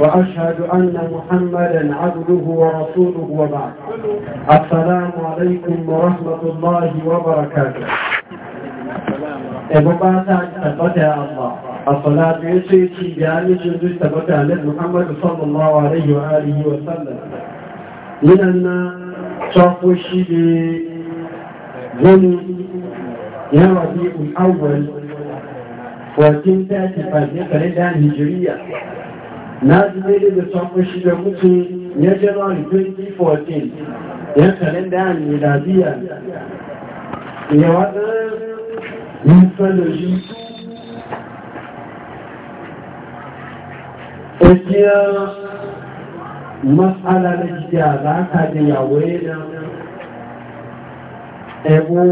وأشهد أن محمدا عبده ورسوله وبعد السلام عليكم ورحمة الله وبركاته أبو قاتل تبتع الله الصلاة يسوي تيجاني جندو تبتع محمد صلى الله عليه وآله وسلم من أن شافوشي بغني يا ربيع الأول وتنتهي في الهجرية nazimeyi da sakon shiga mutu ya januari 2014 ya kalenda ya miladiya ya wata mythology ejiya matsala na jiya za ka da yawo yana ebo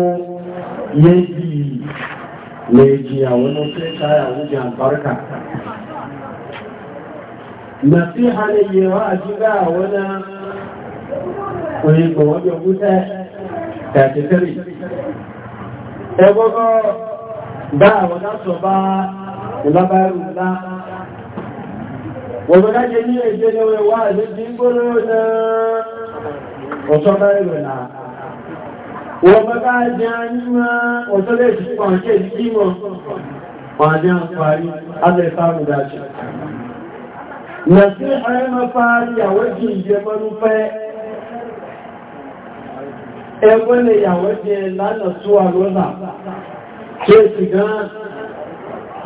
yaji na jiya wani sai ka yawon jan barka nasiha ne yi wa a shiga wani oyin kan wajen wuta ta tattari ẹgbogbo bá àwọn aṣọ bá ìlábáyàrù ńlá wọ́n bá jẹ́ ní ẹgbẹ́ wọ́n bá jẹ́ pàǹkẹ́ alẹ́ nasiha yana fari a wajen ya manufai ẹgbẹ́lẹ̀ ìyàwó jẹ lánà súwà lọ́nà ṣe ṣìgán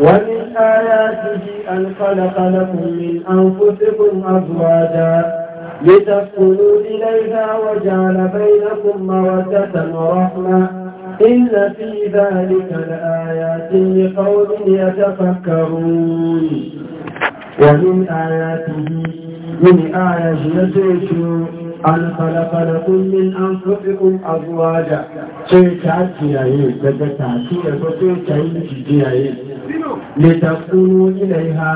wọ́n ní káyá ti di alfàdàkàlẹ́kùn mi an fóṣẹ́kùn azuwájá lẹ́tàkùnú ilẹ̀ ìdáwọjà alábẹ́lẹ́kùn mawàjátà rọ́fúnà inna fi dhalika la ayatin liqawmin yatafakkarun ومن آياته من آيات نسيتو أن خلق لكم من أنفسكم أزواجا سيتعطي عليه بدأ تعطيه وسيتعين تجي عليه لتكونوا إليها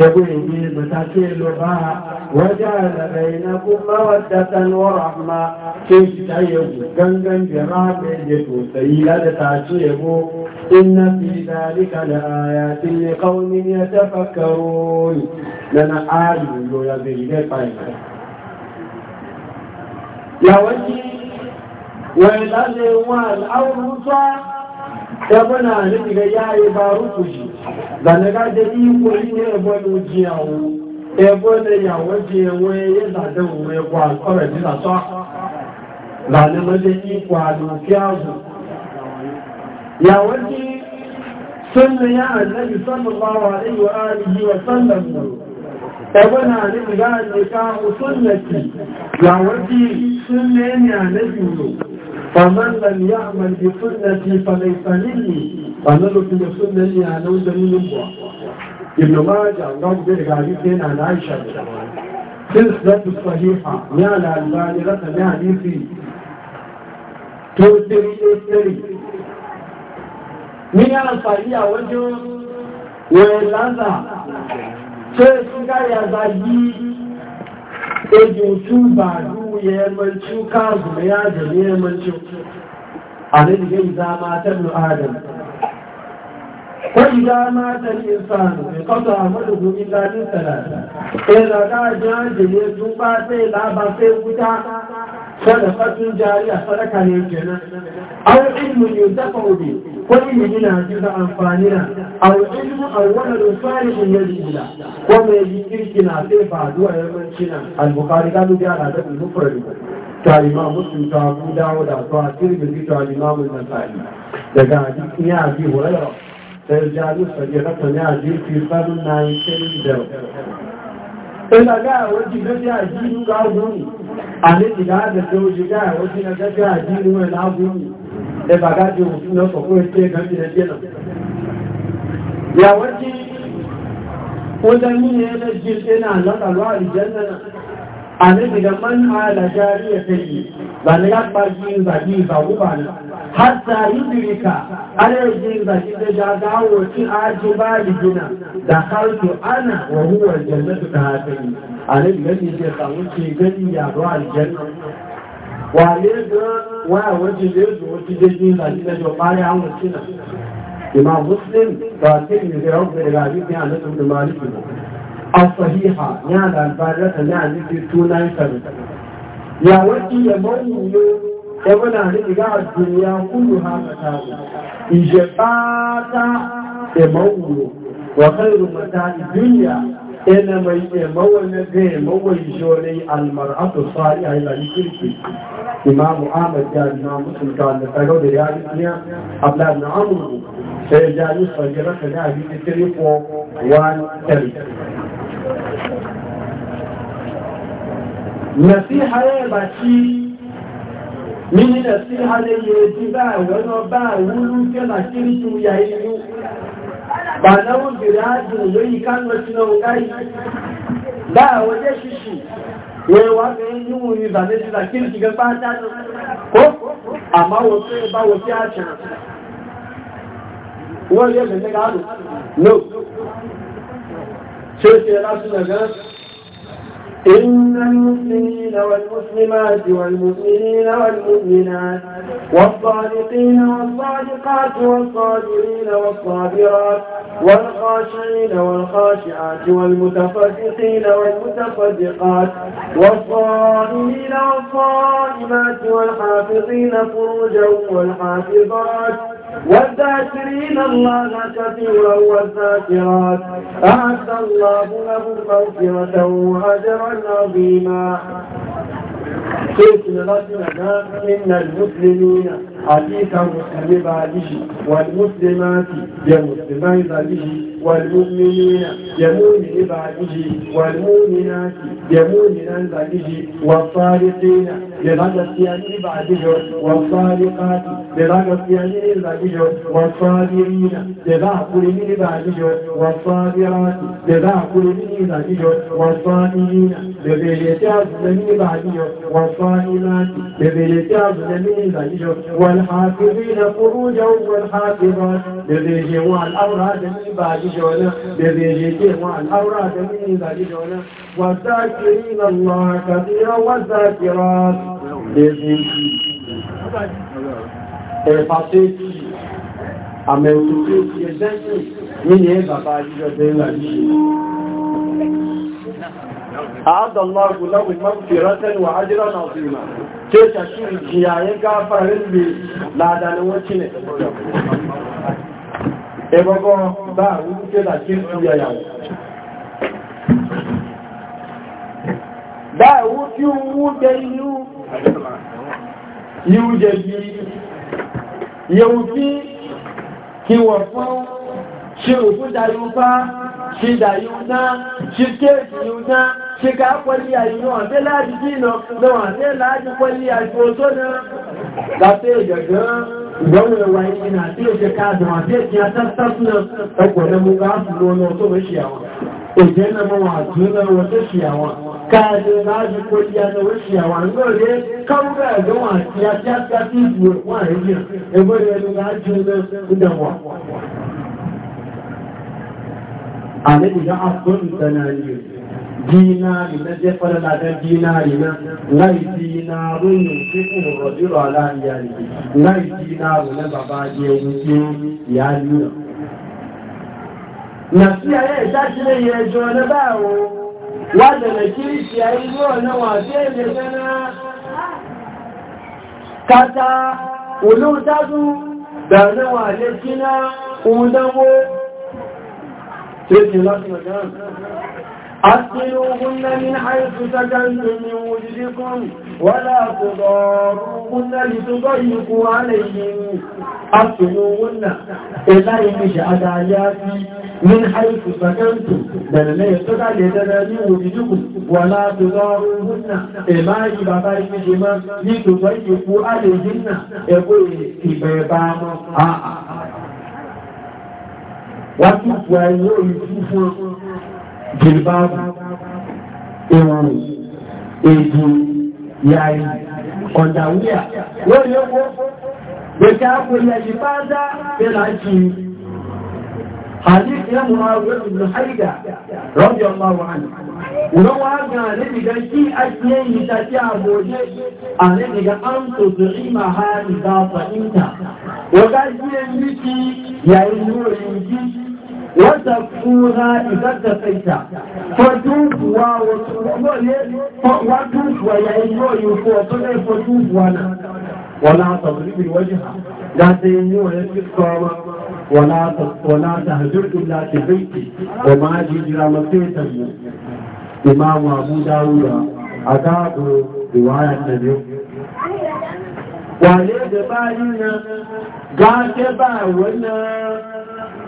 يبيني متكلها وجعل بينكم مودة ورحمة كيف تعيب جنجن جرابي يتوسيل تتعشيه إن في ذلك لآيات لقوم يتفكرون لنا آل يبيل طيبا يا وجي ويلالي والأوروسا yabona niga yayi baru kuji da na ga da iko ne ebo no jiawo ebo ne ya waje we ya da da we kwa kore ni da so da ne ma de يا ولدي سنة يا النبي صلى الله عليه وآله وسلم أبنا نبقى النكاح سنتي يا ولدي سنة يا نبي فمن لم يعمل بسنتي فليس مني فنلت بسنتي يا نوز من نبوة ابن ماجه الله برغالي سنة عن عائشة سلسلة الصحيحة يا الألباني رقم يا حديثي 2383 ní àǹfààní àwọ́jọ́ wẹ̀rẹ̀ lázà zagi ẹ̀sùn káyàzá yí èdè òtú bàájú yẹ ẹmọ̀tí ó káàzù mẹ́ àjẹ̀ ní ẹmọ̀tí ó àlẹ́dìgẹ́ ìzámá tẹ́lù adam Kwai dama ta yi insanu, mai kasa a madugu illa ni talata, ɗaya ga ajiyar ne sun ba sai laba sai wuta sadafatun jariya sadaka ne kenan, an ilmin yusufa obi, wani ya gina hakika amfani na a wajen mu a wani rufari in ya jina ko mai yi kirki na sai ba zuwa yawanci na albukari ka dubi ala da mufradi ta imam muslim ta abu dawo da su a tirmidhi ta imam an-nasa'i daga hadisin ya abi hurairah sai jalu sajirata ne hadisi sanun na yi kenan da Ina gaya wajen gaji a jini ga gumi, a ne ga da ta wuce gaya wajen gaji a jini mai na gumi, ẹ̀bà dájú ohun tí wọ́n sọ fún ẹgbẹ́ ẹgbẹ́ ẹgbẹ́ ẹgbẹ́ náà. ìyàwó tí ó dá ní ẹgbẹ́ jí ṣe náà látàlọ́ àìjẹ́ náà àlébìdá máa ń ha àdàjá rí ẹ̀fẹ́ yìí bà ní lápá jí ìgbà ní ìbàwó bà ní. hátà ìbìríkà alẹ́jì ìgbà wà lé wọ́n àwọn ti lé dùn ó ti dé ní ìlàjílẹ́jọ parí àwọn sínà ìmá muslim bá tí ìrìnlẹ̀ ọgbẹ̀rẹ̀ láàrín ní àlẹ́sùn ní máa nìkì mọ̀ asọ̀híhà ní àlàbárẹ́ta ya àlẹ́sì 297 yàwó tí yẹmọ́ ìwúlò ẹwọ́n láàrín ìgbà àdúnyà kúrò ha ta ya pátá ẹmọ́ ìwúlò wọ̀kẹ́ ìrùmọ̀ta duniya. ina mai yamawa na zai mawa jore almar'atu sa'i a ilani kirki imamu ahmad ya na musulta da tsaro da ya yi niya abla na amuru sai ya yi sauye raka da abin da 341 nasiha ya ba ci mini nasiha da yi ji ba wani ba wulu kela kirki yayi yi bàdáwọn bèèrè ájùn lórí kánà sínú ọ̀gáyì dáa wọlé ṣíṣì wọ́n wá bẹ̀rẹ̀ níwò ní ìbànẹ́sílà kí ní ṣìgbẹ́ pátá kó àmáwọ̀ tó bá wọ sí àṣà wọ́n yẹ́ mẹ́lẹ́gáàrùn-ún إن المسلمين والمسلمات والمؤمنين والمؤمنات والصادقين والصادقات والصابرين والصابرات والصابرات والخاشعين والخاشعات والمتفرقين والمتفرقات والصائمين والصائمات والحافظين فروجا والحافظات والذاكرين الله كثيرا والذاكرات أعد الله لهم مغفرة وأجرا عظيما قلت لرجلنا إن المسلمين عليك مسلم عليه والمسلمات يا مسلمان عليه والمؤمنين يا مؤمن عليه والمؤمنات يا مؤمنان عليه والصادقين للغسيان بعده والصادقات للغسيان بعده والصابرين لذاكر من بعده والصابرات لذاكر من بعده والصائمين لبيلتاز من بعده والصائمات لبيلتاز من بعده والحافظين فروجا والحافظات بذيجي والأوراد من بعد جونا بذيجي والأوراد من بعد جونا والذاكرين الله كثيرا والذاكرات بذيجي Ẹ̀fàṣẹ́kì, àmẹ̀wùsẹ́ ti ẹ̀ṣẹ́kì nínú ẹgbàbà àjíjọ́dẹ́ ńlá yìí. أعد الله له مغفرة وعجرا عظيما ke ta shi jiya ya gafarin bi ladanin wacce ne e gbogbo ba a wuri ke ta shi jiya ya wu ba a wu fi wu da yiwu yiwu da yi yiwu fi ki wọ fún ṣe òkú dayo bá ṣe dayo náà ṣe kéèkì yóò náà ṣe ká pọ́lí àyíwọ̀n àti láti dínà lọ́wọ́ àti láti pọ́lí àjò tó náà láti ìjọ̀gán ìgbọ́nà ẹwà ìrìnà àti òṣè káàdùn àti èkì atásásúnà ọgbọ̀nà mú bá fún lọ́nà tó mẹ́ ṣe àwọn èdè náà mọ́ wọn àdúrà wọn tó ṣe àwọn káàdùn láti pọ́lí àjọwé ṣe àwọn àgbọ̀rẹ́ káwúrà ẹ̀gbọ́n àti atásásá sí ìbò wọn àríyàn ẹgbọ́n ẹnu láti ìdàwọ̀ àlejò àtúntò náà dínárì náà jẹ́ fọ́lọ́lájẹ́ dínárì náà láì dínárì ní síkùn rọ̀dúrọ̀ aláàríyà rẹ̀ láì dínárì náà bàbá jẹ́ ohun tí ìyá nìyàn. nà sí ayé ìdájílé ẹjọ́ ọlọ́bà àwọn wádẹ̀lẹ̀ kí í ṣe ayé ní ọ̀nà wà sí èdè fẹ́nà kátà olóòtádù bẹ̀rẹ̀ wà lè kí náà ohun dánwó tí ó ti lọ́sí ọjọ́ أصلوهن من حيث سكنتم من وجدكم ولا تضاروهن لتضيقوا عليهم أصلوهن إلا إنش أدعياتي من حيث سكنتم بل لا يستطع لتنامي وجدكم ولا تضاروهن إما إبابا إنشما لتضيقوا عليهن يقول إبابا آآ وتفوى يوم يفوى jìlbáàbù ìwọ̀n èjì yàrí ọ̀dàwíyà lórí ẹkọ́ gbèsè àpòyẹ ìbáadá bẹ́lá jì Hadith ya Muawiyah ibn Haida radiyallahu anhu Wọ́n wá gan àlébìgá kí a ṣe ìta tí a bòjé àlébìgá an tó tó ha ìbá fa'inta. Wọ́n ká sí ẹni tí yàrí lórí jí وتكفوها إذا كفيت فتوفوا وتوفوا يعيشوا يفوا فلا فتوفوا ولا تضرب الوجه لا تنيوا يسكتوا ولا ولا تهجر إلا في وما جرى مسيتا إمام أبو داود أداب رواية النبي وعليه بارنا قال كبار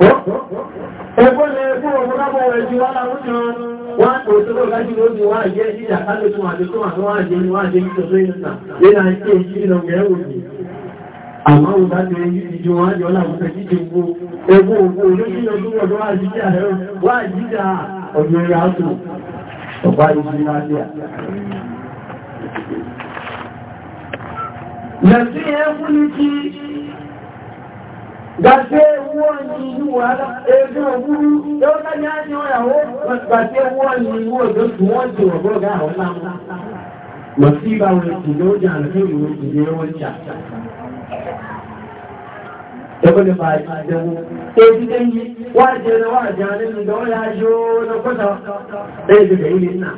ko ẹgbẹ́ lè fún ọmọ lábọ̀ ẹjú wá láwùjọ wọ́n kò tó lọ láti ló ní wọ́n àjẹ́ ìjà kálẹ̀ tún tó tó ìrìnà lẹ́nà ìṣẹ́ ìṣẹ́ ìjọ wọn àjọ láwùjọ wọ́n gbàtẹ́ wọ́n ní ìwà ẹgbẹ́ òwúrú yóò dájú àti ọ̀yàwó gbàtẹ́ wọ́n ní ìwọ òjò tí wọ́n ti wọ̀ bọ́ ọ̀gá àwọn lámúlá. Màtí ìbá wọn kì ló jà lórí ìwé ìdílé wọn jà. Ẹgbẹ́ lè máa ṣe àjẹwò. Ebi tẹ́ yí, wá jẹrẹ wá jẹ nínú ìdánwò yá yó lọ́kọ́ta. Ẹyẹ ti bẹ̀yìn ní nà.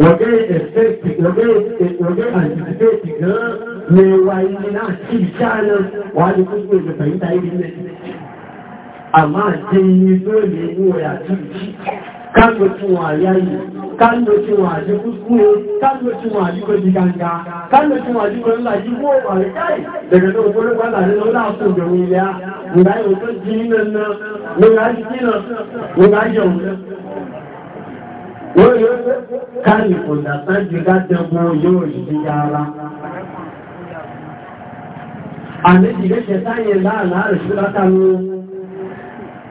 Wọ́n gé ẹ̀fẹ́ ìpìlọ́gẹ́ àti ìpìlọ́gẹ́ gan mai waye na cikin wani kuskure da fahimta yi ne amma jin yi dole yi wa ya cikin kando tí wọ́n àyáyì kando tí wọ́n àjẹ́kúskúrò kando tí wọ́n àjíkọ́jí ganga kando tí wọ́n àjíkọ́jí láti wó ọ̀rẹ́ káì lẹ́gbẹ̀ẹ́ tó wọ́n yóò kárì kò dàtà jù yóò yìí yára àlejì lẹ́ṣẹ̀ táyẹ̀ láàlá rẹ̀ ṣe látàrí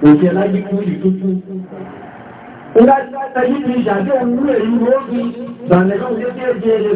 òṣè láyé kú ìlú tuntun ó dájú láti ẹjú ti ṣàdé òun rẹ̀ ìlú ó fi gbàlẹ̀ ó jẹ́ jẹ́ ẹ̀rẹ̀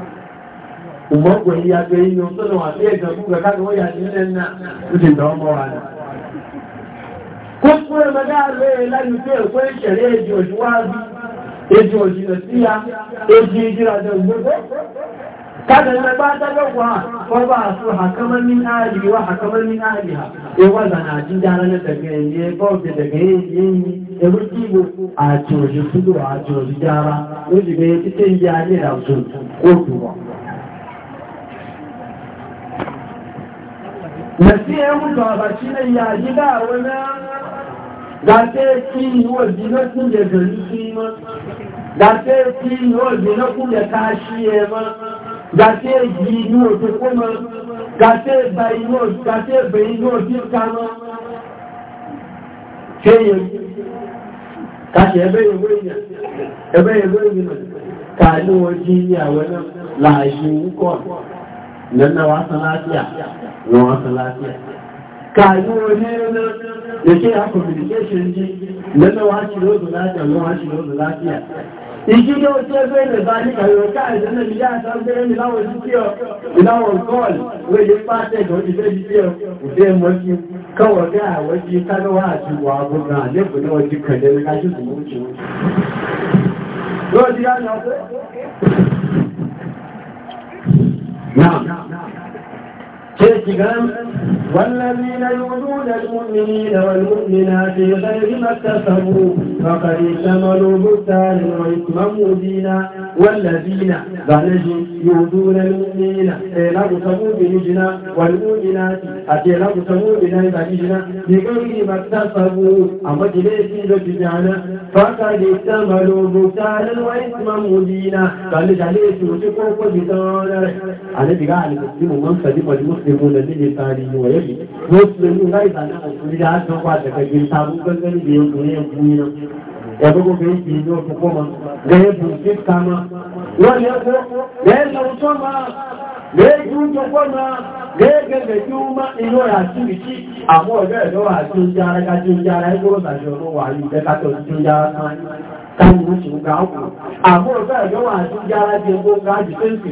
Ògbọ́gbọ̀ yìí àjọ inú tó lọ àti ẹ̀jọ̀ fún kàkàtà wọ́n yà ní ilẹ̀ náà ó ti dán mọ́ wa náà. Kó fún ẹgbẹ́gbẹ́ àrẹ láyé pé èkó ìṣẹ̀rẹ́ èjì òṣùwájú, èjì òṣìlẹ̀ sí ya, èjì ìjìràjọ̀ gbogbo. Kada na ba ta gawa ko ba su hakaman min ali wa hakaman min aliha. E wa zana jin dara na daga yayi ba da daga yayi e wuci bu a to ji su a to ji dara. Wuci ga yake tin ya ne da su ko duwa. nasiya mutu a bashi na ya yi da wani da ta yi wa jina kun da gari ki ma da ta yi wa jina kun da kashi ya ma da ta yi yi wa ta kuma da ta bayi wa da ta bayi wa ta kama ke yi kashi ebe yi wuri ya ebe yi wuri ya ka ni wajen yi a wani la'ashi ukon nan na wasa lafiya wọ́n sọ láti ẹ̀. Kààlú ní kàrò كيكيغان والذين يؤذون المؤمنين والمؤمنات بغير ما اكتسبوا فقد احتملوا بهتانا واثما مبينا والذين بلجوا يؤذون المؤمنين اي لا تسموا بهجنا والمؤمنات حتى لا تسموا بنجنا بغير ما اكتسبوا اما جليسي بجانا فقد احتملوا بهتانا واثما مبينا قال جليسي وشكوكو بتانا انا بقى المسلم من سلم المسلمون بإطاره ويجب مسلمون أيضا إذا أنت وعدك بإطاره فالذي يكون يكون ẹ̀dọ́gbọ́n fẹ́ ìpì ní ọ̀pọ̀pọ̀ ma lẹ́ẹ̀bù sí kama wọ́n lẹ́ẹ̀kọ́ lẹ́ẹ̀lọ́tọ́ ma lẹ́ẹ̀kúnjọpọ̀ ma lẹ́ẹ̀gẹ̀gẹ̀ tí ó má inú ẹ̀ àti ìrìkí àwọn ọ̀dọ́ ẹ̀dọ́ àti oúnjẹ ara kájí oúnjẹ ara ẹgbọ́rọ̀ tàbí ọ̀nà wà ní ìgbẹ́kátọ̀ oúnjẹ ara kan táwọn oúnjẹ ń ga ọkùn àwọn ọ̀dọ́ ẹ̀dọ́ àti oúnjẹ ara jẹ́ gbọ́ngá jù fẹ́ǹsì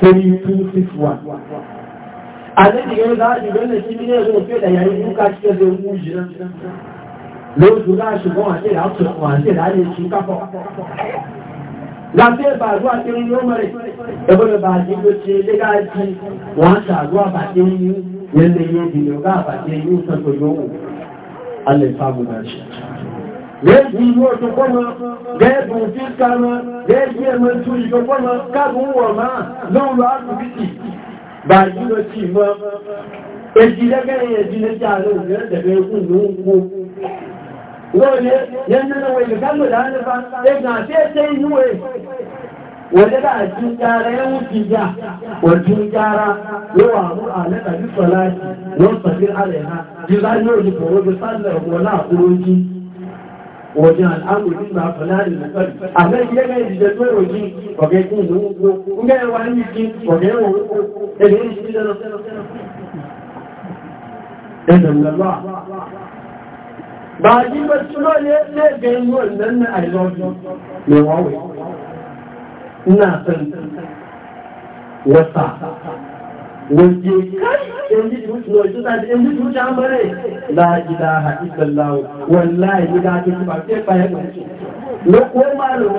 3261 àdẹ́dì yóò láàájú lọ́lẹ̀ sí nílẹ̀ ẹ̀rọ òfin ẹ̀dà yàrí ní káàkiri ẹ̀rọ mú jìnà lóòtù láàṣùgbọ́n àti ìlàtùkùn àti ìlàlẹ̀ ìṣú kápọ̀ láti ẹ̀bà àdúrà tí ó ń yọ́ mẹ́rẹ̀ ẹgbẹ́rẹ̀ bá àti tó ṣe légáàjì wọ́n ń ṣàdúrà bàtí ń yí yẹ́lẹ̀ yẹ́ ìdìyàn gáà bàtí ń yí ń sọ́tò yóò wù alẹ́ fáwọn àṣà gẹ́ẹ̀dì ìlú ọ̀tún pọ́mọ gẹ́ẹ̀dì òfin kanọ gẹ́ẹ̀dì ẹ̀mọ tó ìjọ pọ́mọ káàkùn wọ̀ máa lóun lọ ápùpìtì bá ìjúlọ sí ìmọ̀ èjì lẹ́gẹ́rẹ́ èjì lẹ́jà rẹ̀ òmìnira tẹ̀lé ikú ló ń wo wọ́n lé yẹnlẹ́nà wọ ìlú kámọ̀ láńlẹ́fà ẹgbà àti ẹsẹ̀ inú ẹ̀ wọ́n lé láà tún jára ẹ̀ ń fi jà wọ́n tún jára ló wà mú àlẹ́ tàbí sọ̀lá wọ́n sọ̀lá àlẹ́ ha jù láyé òdìbò wọ́n fi sálẹ̀ ọ̀gbọ̀n náà kúrò jí wajen al'amurin ba fulani da fari a nan iya ga yi da tuwar wajen wajen kun da wuko kun ga yawa hanyar jin wajen yawa wuko da da yin shi da na ɗan lalwa ba a ji ba su ba ne ne ga yin wannan na i love you mai wawai ina son wasa wanda yanzu jibuci na wajen sa'adu yanzu jibuci an bare la gida haɗi sallawo wallahi gida ta ci ba sai bayan da wuce na kuwa malo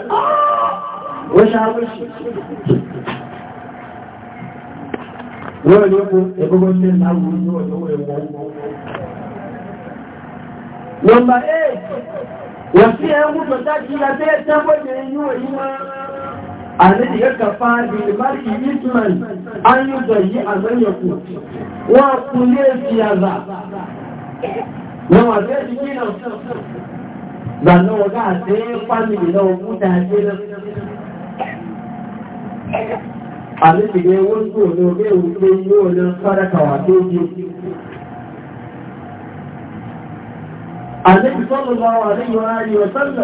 wa shafin shi wani ne ko ya bugu shi na wuri ne wani wuri wani Number eight, wọ́n fi ẹ̀ ń mú pẹ̀lú àti ìlàtẹ́ ẹ̀tẹ́ pẹ̀lú ẹ̀yìn wọ̀nyí máa الذي يكفى بالمرء إثما أن يضيع من يقول وقل في هذا وما ذلك كنا gbàná ọ̀gá àti fámìlì náà mú dáadé náà àlébìnrin owó tó ní orí ewu pé yóò ní fádàkàwà tó bí àlébìsọ́lù lọ́wọ́ àríwá àríwá sọ́lù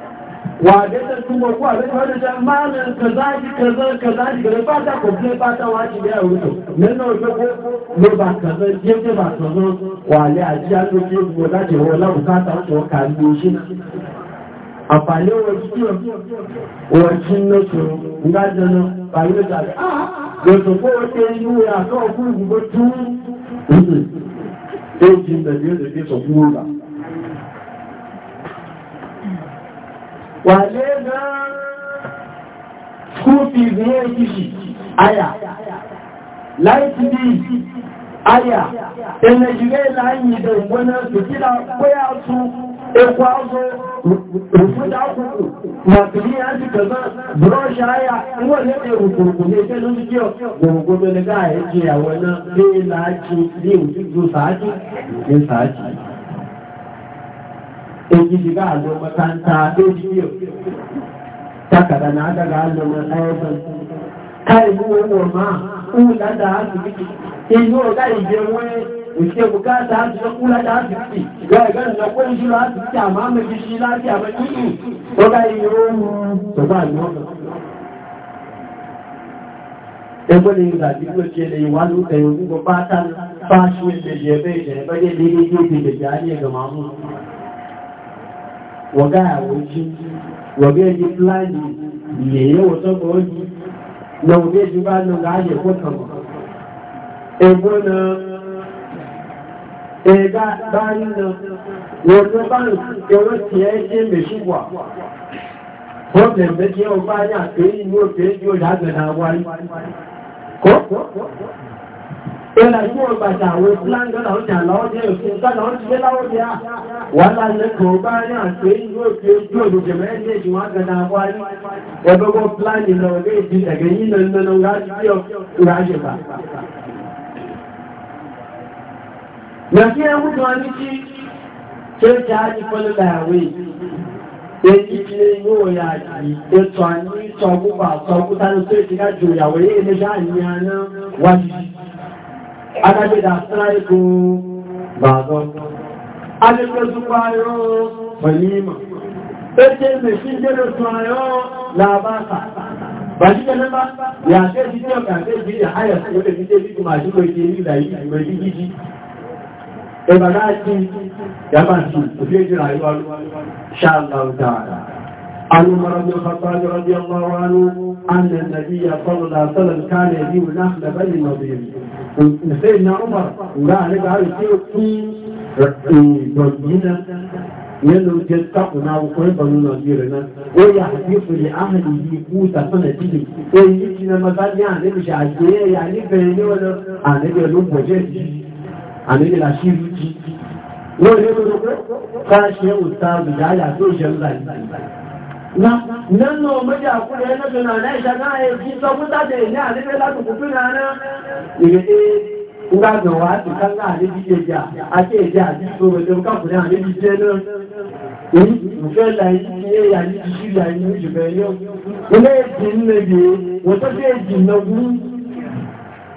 wadata kuma ko abin wani da malam ka zaji ka zan ka zaji ka ba ta ko ne ba ta waci da wuto nan na wato ko ne ba ka zan je je ba to zo wale a ji allo ke ko da ke wala bukata wato ka ndo shi a fale wa ji wa cin na so ga jana ba yi da a ga to ko wace yi ya to ku gubo tu eh jin da biyo da biyo so ku ba wàlẹ́ náà school fees ní èkìṣì àyà láìsí bí àyà ẹnẹ̀jìrẹ́ láyìn ìdẹ̀ ìgbóná tòkílà pẹ́yà tún ẹkù áwọ́ òfúdá kòkò màtìrí àti kẹ̀lá búrọ́ṣì àyà wọ́n lẹ́gbẹ̀ẹ́ òkòròkò ní ẹgbẹ́ lórí jẹ́ òkòròkò mẹ́lẹ́gbẹ́ àyẹ́jẹ́ àwọn náà lé láàájí ní òjújú sàájí ní sàájí ejiji ga alo makanta doji biyo takada na ada ga alo na ayyaban kai mu wo ma u da da asibiti inu ga ije won òṣìṣẹ́ bukata àti ọkùn láti àtìsí gbẹ̀gbẹ̀ ìjọpọ̀ ìṣúra àtìsí àmà àmẹ́jìṣí láti àmẹ́jìṣí tó bá iye oòrùn tọ́gbà náà ẹgbẹ́ ni ìgbà tí ó ṣe lè wá ló tẹ̀yìn gbogbo pátá fáṣú ìgbèjì ẹgbẹ́ ìṣẹ̀lẹ̀ wọ̀gá àwòjí wọ̀gá èyí fúláàdì ìyẹ̀yẹ́ wọ̀sọ́gbọ̀ òjì na wọ̀gá bá nù láàyè pọ̀tàn ẹgbọ́n na báyìí na wọ́n tó bá Yana ṣe ọgbàjà àwọn Fulani lọ́nà ọjà lọ́ọ́jẹ́ òfin kọ́nà ọjọ́ láwọ́jẹ́ à. Wọ́n láti kò bá rí àti inú òfin ojú òdòjò mẹ́rin èjì wọ́n gẹ̀dà wáyé. Ẹgbẹ́gbọ́ Fulani lọ rí ìdí ẹ̀gẹ́ yìí lọ nínú rájí ọ̀rájẹ̀bà. Yàtí ẹwú kan ní kí ṣe jẹ́ àjíkọ́lẹ̀ láàwé. Èyí ti yóò yà àjì ètò àní ìtọ̀ ọgbùgbà àtọ̀ ọgbùgbà tó ti ká jù ìyàwó yìí ní ṣáà ní àná wájú adájọ́ ìdá sáráìkò bàbọ̀. Adéjọ́ súnpa ayọ́ pẹ̀límọ̀. Ẹjẹ́ mẹ̀ṣí jẹ́rẹ̀ sún ayọ́ làbáta. Bàjíjẹ́ lẹ́bá, yàtẹ́ sí tí ọkà tẹ́ sí àyà sí ọdẹ̀ sí tẹ́bí kò máa ṣíkò ìṣe ìlà ìwẹ̀ jíjí. Ẹbàdá ti yàbá sí òfin ìjìnlẹ̀ àríwá ṣáàlá ọ̀dáadáa. عن عمر بن الخطاب رضي الله عنه أن النبي صلى الله عليه وسلم كان يجيب نخل بني نظير سيدنا عمر قال لك هذا الشيء بينا يلو تتقنا وقوي بني نظيرنا ويحديث لأهله قوت سنته ويجينا مثلا يعني مش عشية يعني بيني ولا أنا بيلوم وجهتي أنا بيلاشير ويقول لك فاشي أستاذ جاي عدو جمال nínú ọmọdé àkúrẹ́ ẹlẹ́gbẹ̀ẹ́ náà náà èyí sọ fún ní àríwẹ́ látùkù fún náà ìrètí ńgbàgbọ̀n wá ti káńgá àríbí jẹjà àti èdè àti ìṣòwòdó káàkùnrin àríbí jẹ́ náà èyí ìfẹ́ láì ní èyà ní ìṣílẹ̀ àìní ìṣẹ̀fẹ́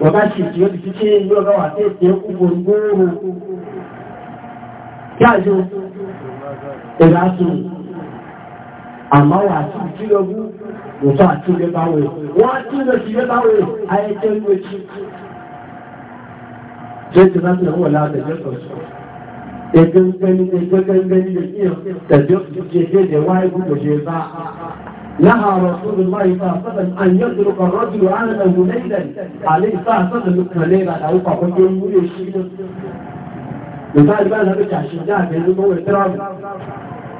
wabashyikiye igice iyo babatekeye kugura ubwuru yaje erasu ama wakikilogu mutu atunge bawe watunge kibe bawe ayetengwe ki jẹ́jẹ́ láti ọwọ́ láti ẹjọ́ ẹgbẹ́gbẹ́ni ẹgbẹ́gbẹ́ni ẹgbẹ́gbẹ́ni ẹgbẹ́gbẹ́ni ẹgbẹ́gbẹ́ni ẹgbẹ́gbẹ́ni ẹgbẹ́gbẹ́ni ẹgbẹ́gbẹ́ni ẹgbẹ́gbẹ́ni ẹgbẹ́gbẹ́ni ẹgbẹ́gbẹ́ni ẹgbẹ́gbẹ́ni ẹgbẹ́gbẹ́ni ẹgbẹ́gbẹ́ni ẹgbẹ́gbẹ́ni نهى رسول الله صلى الله عليه وسلم أن يترك الرجل عالما ليلا عليه الصلاة والسلام يكون ليلا أو فقط يقول يشيله misali ba zaɓi tashi da ta yanzu kawai tara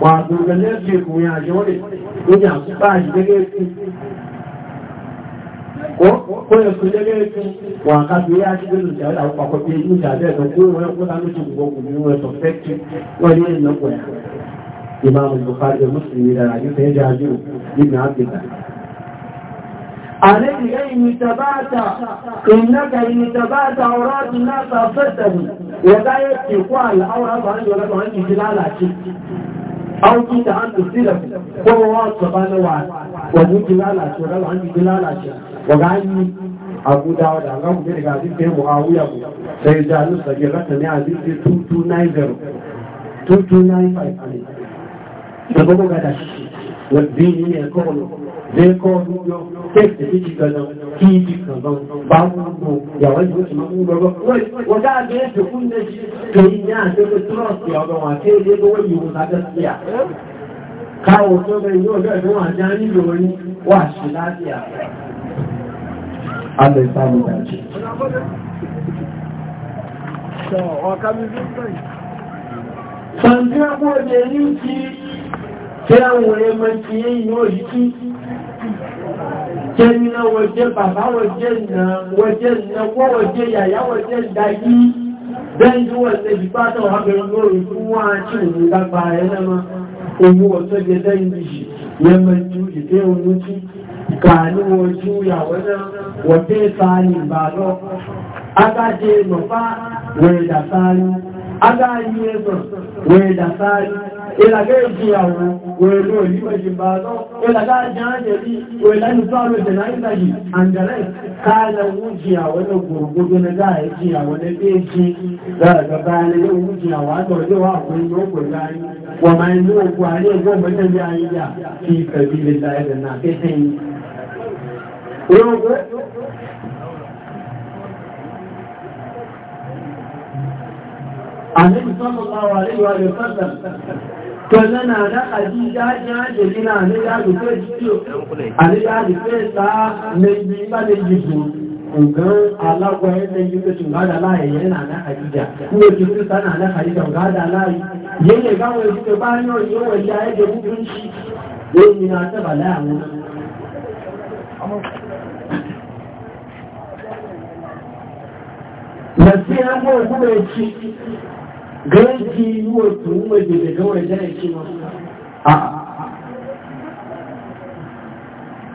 wa dogalar jeku ya ji wani ya su ba shi daga yake ko ya su daga yake wa kafin ya ci gudun tare da kwakwabe yi tare da kowa ya kusa mutum gobe ne wa suspecting wani yin na koya إمام البخاري المسلم إلى muslimi da rayu sai jajiru ibn abdullah عليه أن تباتا إنك إن تباتا أوراد الناس أفسده وذا يتقوى الأوراد عنه ولد عنه جلالة أو كنت أن تسلف وهو سبحانه وعلا وهو جلالة ولد عنه جلالة وغاني أبو داود أغام بيرغ عزيز بيه معاوية سيجعل صغيرة عزيز 2290 2295 sababu ga tashi wadda ne kawai zai kawai yau sai da shi ga nan kiji kan ba mu ya wani wuce mu ba ba wanda ga yadda kun da shi to yin ya da trust ya ga wa sai dai ga wani wuta gaskiya kawo to ga yau ga da wa jani da wani wa shi lafiya Allah ya samu dace. So, wa kamin zai sanzira ko da yanki kiran wuri mafi yi yoyi jẹ́nà wọ́jẹ́ bàbá wọ́jẹ́ náà wọ́jẹ́ náà wọ́jẹ́ yàyà wọ́jẹ́ dáyí bẹ́ndú wọ́jẹ́ ìpátọ̀ ọgbẹ̀rún lórí fún wọ́n á tí òun lágbà ẹlẹ́mọ́ owó ọ̀tọ́ jẹ́ dẹ́yìnbìṣì yẹ́mẹ́jú ìdé olójú kàánú ojú ìyàwó náà wọ́jẹ́ sáà adáyí ẹ̀sọ̀ wèé dàtàrí ìlàgẹ́ ìgbìyàwó wèé ló ìlúwẹ̀ṣì na lọ ìlàgá jẹ́rẹ́jẹ̀rí wèé lẹ́nu tó àwọn ìṣẹ̀lá ìlàjì àǹdẹ̀rẹ́ gaa wọ́n jìyàwó ní gbogbo nígbà ìjìyàwó ní bí èjì gbàgbà ní anyị ka na annabi sallallahu alaihi wa sallam to lana da hadija ja je dina ne da ku ce ani da ku ce ta ne bi ba ne ji ku ngan alagwa ne yi ku tun ga da lai yana na hadija ne ji ku sana na hadija ga da lai yene ga wai ku ba yo yo wai ya je hukunci yene na ta bala mu Nasiha ko kuma ya ci a gẹ́ẹ̀kì ìwò tó ń wèjèdè lọ́wọ́ ẹ̀jẹ́ ìṣínà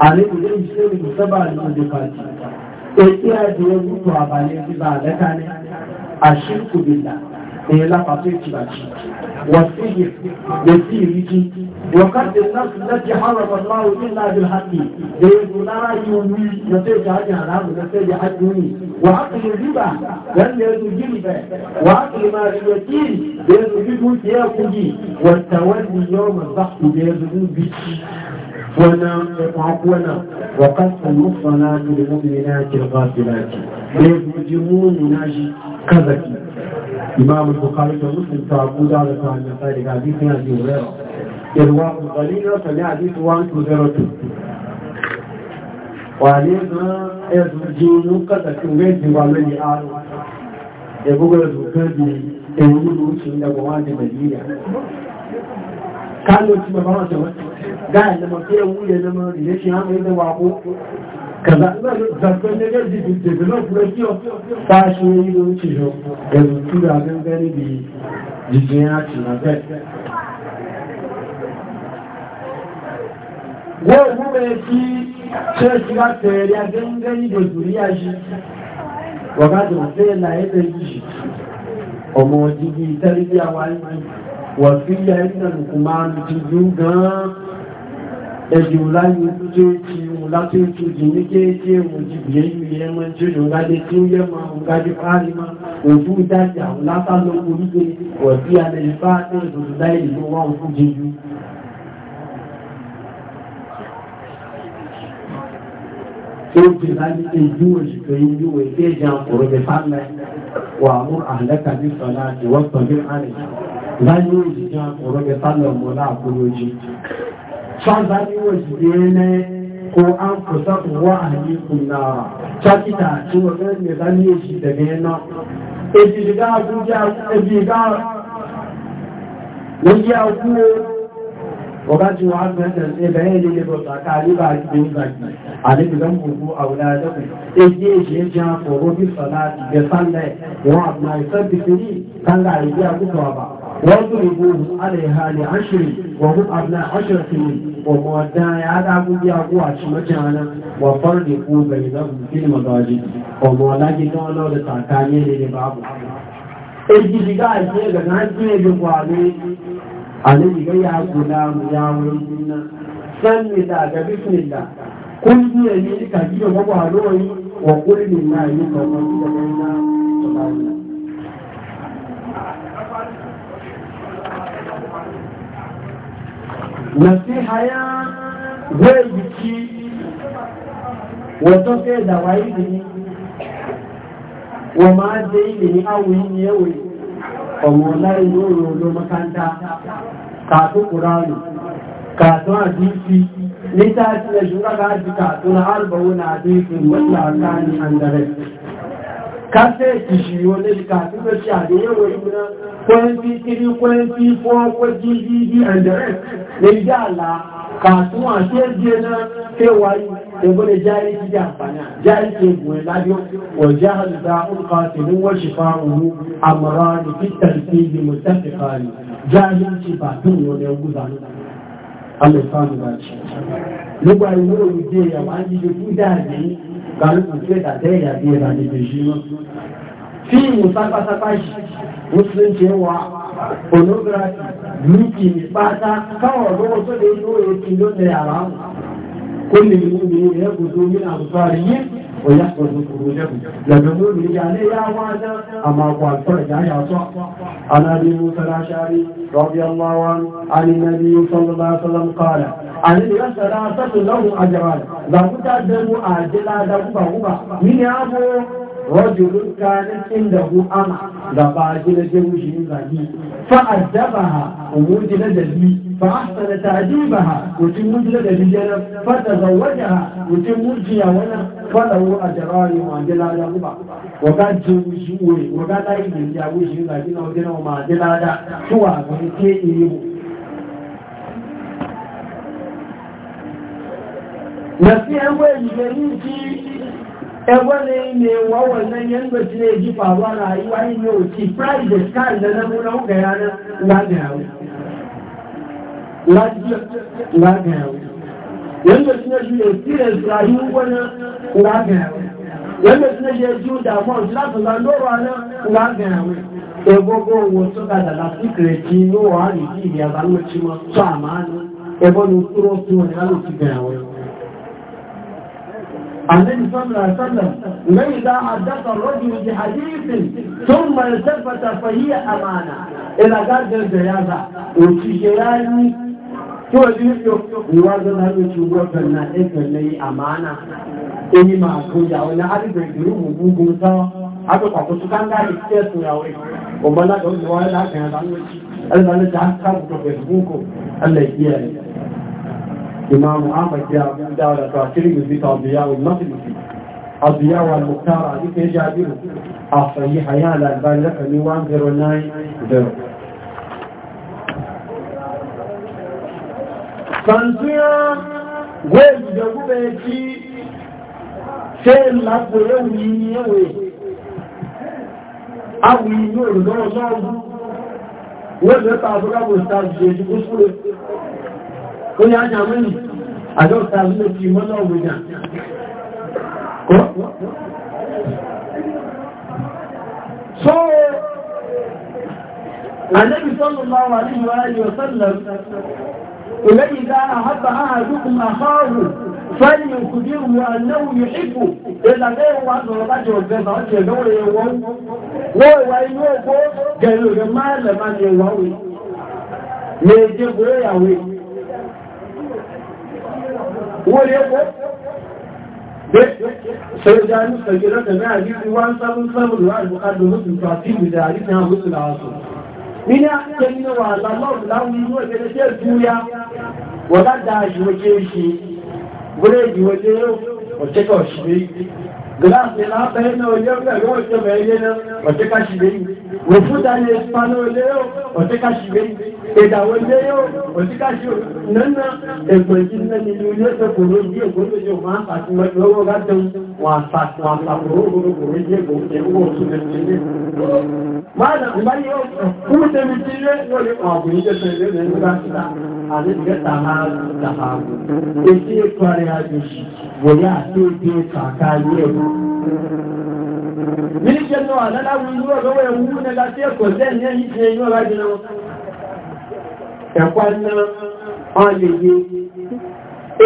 àlébùdé ìṣẹ́lù ìṣẹ́bà àlébùdé pàtí ètí àdìyẹ gbogbo àbàlẹ̀ ti bá àdẹ́ka ní àṣíkùbìlà èyí lápapọ̀ ìtìbàjì والسجن والسيرج وقد الناس التي حرم الله إلا بالحق يقول لا يومي نتيجة هذه حرام نتيجة عن دوني وعقل الربا لن يزوج الربا وعقل ما في اليتيم يزوج ياكل والتولي يوم البحث يزوج بيتي وانا عفونا وقف المصنات المؤمنات الغافلات يزوج مؤمنات كذا إمام البخاري ومسلم تعبد على فعل خير حديث أبي هريرة إرواح الغليل فليحدث وعن كثيرة وعليها يزوجون قد كنت وعمل آل يقول الزكاة يقول وشن لبوان مدينة قالوا تبقى ما سوى قال لما كي أقول لما ليش يعمل إذا وعقوق kaza zaɓen da zai develop na kiyo ta shi ne yi don cijo ga zutu da abin gani da jijin ya ci na zai wọ́n mú rẹ̀ sí ṣẹ́ẹ̀ṣì bá tẹ̀rẹ̀ agẹ́gẹ́ ìdè ìdòrí àṣì wọ̀gájì àti ẹ̀là ẹ̀lẹ́ yìí ọmọ òjìgì tẹ́lẹ̀ bí àwọn àìmọ̀ wọ̀ sí ilẹ̀ ìdàlùkù máa ẹjù láyé tó ti mú láti tó jì ní kéèkéé mú jì bí ẹyù yẹ mọ́ tí ó tí ó yẹ máa ọgájé parí máa òfú dájà látàlọ́gbò wípé ọ̀dí alẹ́lẹ́fà tẹ́ ìdòdó ló wá òfú jẹ yú láyé ẹjú òṣìkò yíjú ẹgbẹ́ láàkúrò jíjì Fáńdá ní wòsì délé ko an kusa wa ahli kunna chakita ti wa ne da ni shi da ne na e bi da ku ja e bi da ne ya ku o ba ji wa ga da ne da ne ne ko ta ka ri ba ji ni ba ji ale bi e ji e ji e ja ko ro bi salati da sallai wa ma sabbi ni kan da ri ya واضربوه عليها لعشر وهم أبناء عشر سنين ومودعي على أبويا أبوة مجانا وفرقوا بينهم في المضاجع ومولاجي دولة لتعتاني لبابه Eji shiga ake ga na jiye bi kwale, a nan shiga ya kula mu ya wuri nuna, san nila ga bismillah, kun jiye ne ka jiye kwakwa royi wa kullum na yi kamar da kai na nasiha ya wejiki watoke dawa hizi wamaaje ilimi au yini yewe ọmọláyé lóòrò ló makanta kàtó kùránù kàtó àdífì ní tàbí ẹ̀ṣùgbà káàkiri kàtó na albàwó na àdífì wọ́n làkáàkiri and da rest kásẹ̀ẹ̀kì ṣìyọ lẹ́ṣìkà nígbẹ̀ ṣe àdéyẹ̀wò ìgbìnà 23 24 gdb and the rest lè jẹ́ àlà kàtún àti ẹgbẹ́ náà tẹ́ wáyé tẹ́gbọ́lẹ̀ jáyé ti jẹ́ àǹfààní jáyé ti egbò ẹ̀ lábẹ́ ọjá àdúgbà orúkọ àti ní wọ́n ṣe fa òru àmọ̀rá ní peter ti ibi mo tẹ́fẹ̀ fààrí jáyé ti bà tó ìwọ̀n ní ọgbù bá alẹ́ fáwọn ìbáṣẹ́ nígbà ìwé òwúdé àwọn àjíjẹ fún dáadé ganin mutum da ta yi da biyu da ke shi ma fíìmù sápásápá yìí ó ti ń ṣe wa pornography níbi ìpátá káwọn ọ̀dọ́wọ́ tó lè ní òye kí ló tẹ àrà kó lè mú mi ẹ̀kùn tó ní àbùkù àríyé ويحفظ خروجهم لدخول رجالها وعدا أما قال يا صح عن أبي موسى الأشعري رضي الله عنه عن النبي صلى الله عليه وسلم قال عن ثلاثة له أجران له تقدم أجلا له بهما من أبو رجل كانت عنده أمع لباجل جوجه فأدبها وموجل جلبي فأحسن تعجيبها وتموت لدى الجنة فتزوجها وتموت جيوانا فله أجران وعندنا على ربع وقد جوزوه وقد أيضا جاوزه لكن وقنا وما عندنا على هو أغنيته Nasiya wai gari ki ẹgbọ́n ni wọ́wọ́ lẹ́yìn ẹgbẹ̀ tí lè jí pàwọ́ ara ìwáyé ní òkè, Pride sky lẹ́lẹ́mú náà ń gẹ̀rẹ́ náà lágbẹ̀rẹ̀ lagaya yadda suna shi experience rayuwar lagaya yadda suna shi ju damuwa su láti landowa na lagaya egogo owó tó kàdà láti kìrìtì ló wà rí bí ìrìn àbálòtí mọ́ tó àmáàlú ẹgbọ́n ní kúrò tí wọ́n ni lálòtí bẹ̀rẹ̀ wọ́n النبي صلى الله عليه وسلم ليس حدث الرجل بحديث ثم التفت فهي أمانة إلى قدر الجيازة وفي جيازة a na amana Ìwájọ́ náà ló ṣe gbọ́gbẹ̀ náà ẹgbẹ̀lẹ̀ àmáànà, èyí máa kó ìyàwó ní àrígbẹ̀ ìgbèrú gbogbo tán, agbẹ̀pàkó tó káńgá ìṣẹ́ ẹ̀sùn ìyàwó ọmọ látọ̀ ìwọ́n láàrín àdánlójì, ẹlẹ́lẹ́ta káàkùn tó bẹ̀rẹ̀ gbogbo, ẹlẹ́ ìyẹ́ rẹ̀. إمام أحمد يا أبو داود الطاهري في أضياء المقدسي أضياء المختار عليك a أصحيح يا الألبان لك من 109 kàntúyà wé ìjọgúbẹ̀ tí ṣe lápò ẹwù yìí ẹwẹ̀ awù yìí olùdọ́rọ̀ sọ́ọ̀bù wọ́n lè pa àbúrábò sáàbù èjì kó súrẹ̀ ó ní ajá mẹ́rin àjọ sáàbù ló fi mọ́lá òwúrẹ̀ So, Àlébìsọ́lùmáwà ní ìwà ayọ̀ sẹ́lẹ̀ إليه إذا أحب أحدكم أخاه فليخبره أنه يحبه إذا غير واحد ولا بعد ولا بعد يقول يوم هو وين هو قالوا له ما لما يوم يجيبوا يا وين هو يقول sai da ni sai da na hadisi 177 wa al-bukhari muslim fa ina kyanne wa lallahu lahu yi wa gíláàsì lábẹ́ iná oyé pẹ̀lú òjòmọ̀ ilé náà ọ̀tíkàṣìwé òfúta ní ìpanú olé yóò ọ̀tíkàṣìwé ìdàwó ilé yóò ọ̀tíkàṣìwé nínú ẹgbẹ̀rún iná nínú ilé tó kòrò ní ògbónlójò máa ń pàtí lọ́wọ́ gádùn wọn àtàkùn àtàkùn ògbónlógún ní ẹgbẹ̀rún oṣù lẹ́gbẹ̀rún wòye àtúndì kàkà yẹ. Mílíkẹ́ náà aláláwù ìlú ọ̀dọ́wọ́ ẹ̀wú nígbà tí ẹ̀kọ́ sẹ́ni ẹ̀yìn ti ẹ̀yìn ọ̀rá jẹ́ ẹ̀kọ́ náà wọ́n lè yé.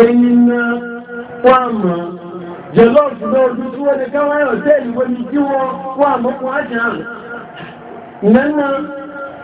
Èyí náà wọ́n mọ̀ jẹ̀lọ́ ìṣúná ojú tí wọ́n lè káwáyọ̀ tẹ́lì wọ́n ni kí wọ́n wọ́n àmọ́kùn ájá. Nẹ́nà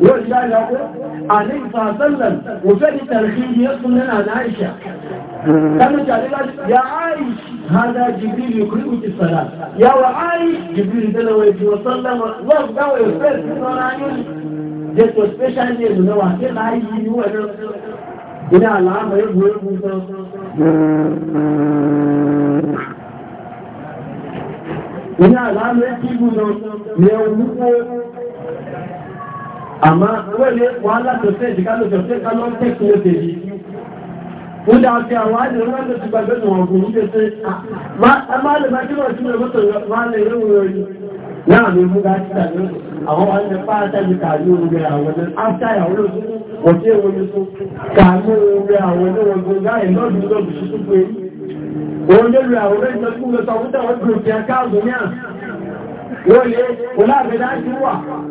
wani sha ya ko a nan sasallan wuce da tarfi ya sunan a na aisha kan ta da ya aish hada jibril yukriu ki salat ya wa aish jibril da wa ji wa sallama wa da wa yusal sunan da to special ne da wa sai na yi ni wa ina alama ya goyi mu ina alama ya kibu no ne àmá wẹ́lẹ̀ wà látọ̀sẹ́ ìdíkálòtọ̀sẹ́ kálọ́ tẹ́kùnlẹ̀ tèbí ó dá ọ̀tẹ́ àwọn àjẹ́ ránṣẹ́ ti gbàgbé ní ọ̀gùn ní pẹ́sẹ́ àmàlẹ̀ májúmọ̀ tí ó mọ́tò wálẹ̀ ìrẹ́wọ̀n náà ní mú bá títà ní àwọn ọ̀sẹ̀ pàtà ní kàánú orí àwọn ọ̀sẹ̀ áfíà ìyàwó ló tún wọ́n tí èwo ní tún kàánú orí àwọn ọ̀sẹ̀ wọn gbogbo láì lọ́dún lọ́dún sí tún pé òun lè rí àwọn ọ̀sẹ̀ ìjọba ìjọba ìjọba ìjọba ìjọba ìjọba ìjọba ìjọba ìjọba ìjọba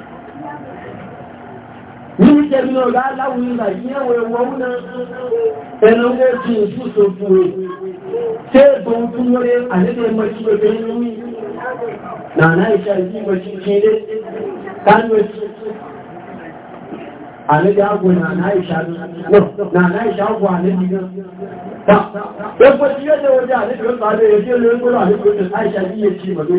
níṣẹ́ ní ọ̀gá aláwọ̀ ìlà ìyẹ́wò ẹ̀wọ̀ ọ̀nà ẹ̀lọ́wọ́ tí ó fún tó fún rẹ̀ tí ó bọ̀ fún rẹ̀ àlẹ́dẹ̀ mọ̀sí ẹ̀fẹ́ ní orí nàánà ìṣà ìdí mọ̀sí kéré kánú ẹ̀sì àlejò àgbò nàná ìṣà nàná ìṣà àgbò àlejò gan. Epo ti yóò jẹ́ wọlé àlejò ń pàdé èyí ó lè ń gbọ́rọ̀ àlejò àìṣà yíye tí mọ̀ lé.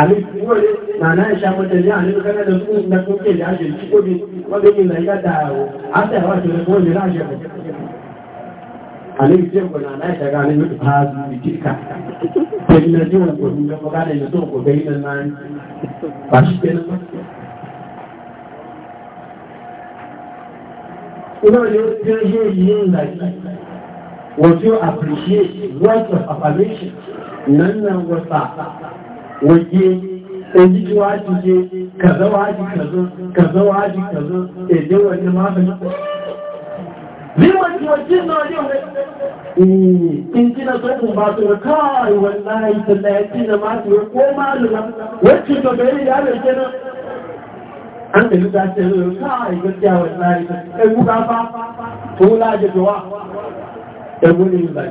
Àlejò wọlé nàná ìṣà mọ̀tẹ̀ ní àlejò kẹ́lẹ́ lọ fún ìgbà tó kéde àṣẹ tí ó di wọ́n lé ní Nàìjíríà dáa o. Àṣẹ àwọn àṣẹ rẹ̀ wọ́n lè láṣẹ rẹ̀. Àlejò tí èkó nàná ìṣà gan ni lóṣù bá a lù kíkà. Tẹ̀lé ní ọ̀pọ̀ ìgbà mọ̀gá iná yóò tí ó yé ilé ìlàìlàì would you appreciate words of affirmation nánà wọ́ta wòye èyí tí wáá ti yé kàzọ́ wáá di kàzọ́ kàzọ́ wáá di kàzọ́ èdè wọ́n ni máa fi náà bí wọ́n ti wọ́n tí náà yóò rẹ̀ injina sojin ba su kawai wallahi tallahi na masu ko malu na wacce ga bayan yare an ni ba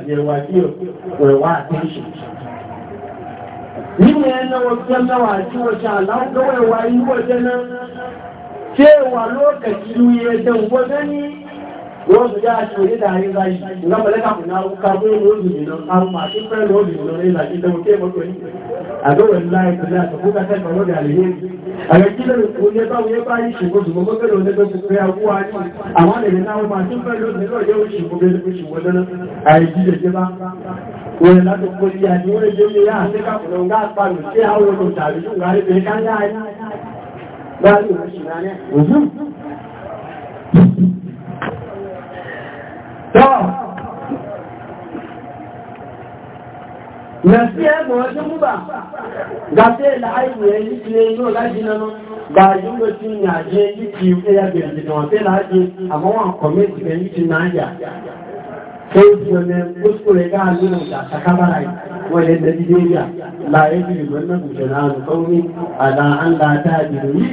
je wa ti o we wa ti shi ni ne na wa ti na wa ti wa sha Allah ga wa yi wa dana cewa lokaci ne dan wọ́n sọ yá aṣọ onídà ayélujára yìí ìgbà mọ̀lẹ́kà kò náà ká fún ìwé òdùnmí náà àwọn àti fẹ́ẹ̀lú òdùnmí náà nílà ìjọ kí ẹmọ yìí àdọ́wọ̀ ńlá wọ́n bá yìí ṣùgbọ́n àti àwọn àlèyé náà máa tún fẹ́ẹ̀lú òdùnmí náà yóò sí àti wọ́n yẹ yẹ àwọn olùkọ́ tàbí ṣùgbọ́n àríbẹ̀ ká ń yá ẹ̀ Yẹ̀sí ẹgbùn ọdún múbà, gàtẹ́ láàáìwò ẹni ilé inú láti nánú, gbàájú ló ti ní àjẹ́ yìí ti ẹgbẹ̀ ìdìdàn tẹ́ láti àmọ́wọ̀n kọ̀mẹ́tì ẹni ti náà yà. Ṣé ìjọmẹ́ kúskù rẹ̀ gáà nínú ìdàṣakábára wọ́n lè dẹ̀ dídé yà láàáìwò ìgbẹ̀mẹ́ ìjọ̀nà àrùn kọ́wé àdá àńlá dáadìrò yìí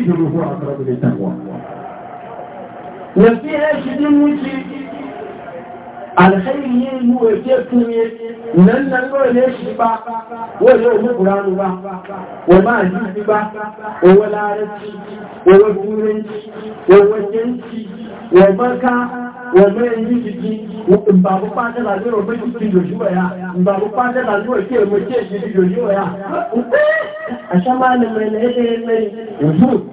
الخير هي مو يجيك من نن نن ولا يشبع ولا يوم قران ولا ولا عرفتي ولا بورنتي ولا جنتي ولا بكا ولا يجيك من بابو بابا لا يروح بيجي يجوا يا بابو بابا لا يروح كي يجوا يا عشان ما نمرنا هذا من وجود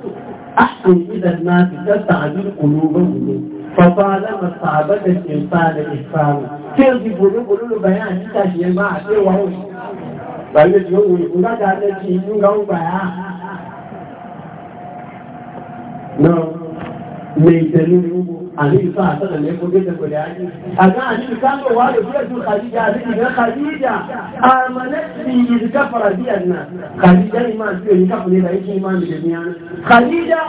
أحسن إذا ما تجد تعذير قلوبهم فطالما استعبد الإنسان الإحسان كيف يقولوا يقولوا بيان أنت شيء ما أعطيه وهو بل يقولوا يقولوا هذا شيء يقولوا بيان No, me interrumpo àríkà àtọ́lẹ̀lẹ́ kó dé tẹ̀kọ̀lẹ̀ ayé. Àgá àníbi káàkọ̀ wà lè fẹ́ tún Khadija àríkì rẹ̀ Khadija àmàlẹ́sì ìrìká faradí àdínà. Khadija ìmá àti òyìnká fún ilẹ̀ iṣẹ́ ìmá mi lèmi àná. Khadija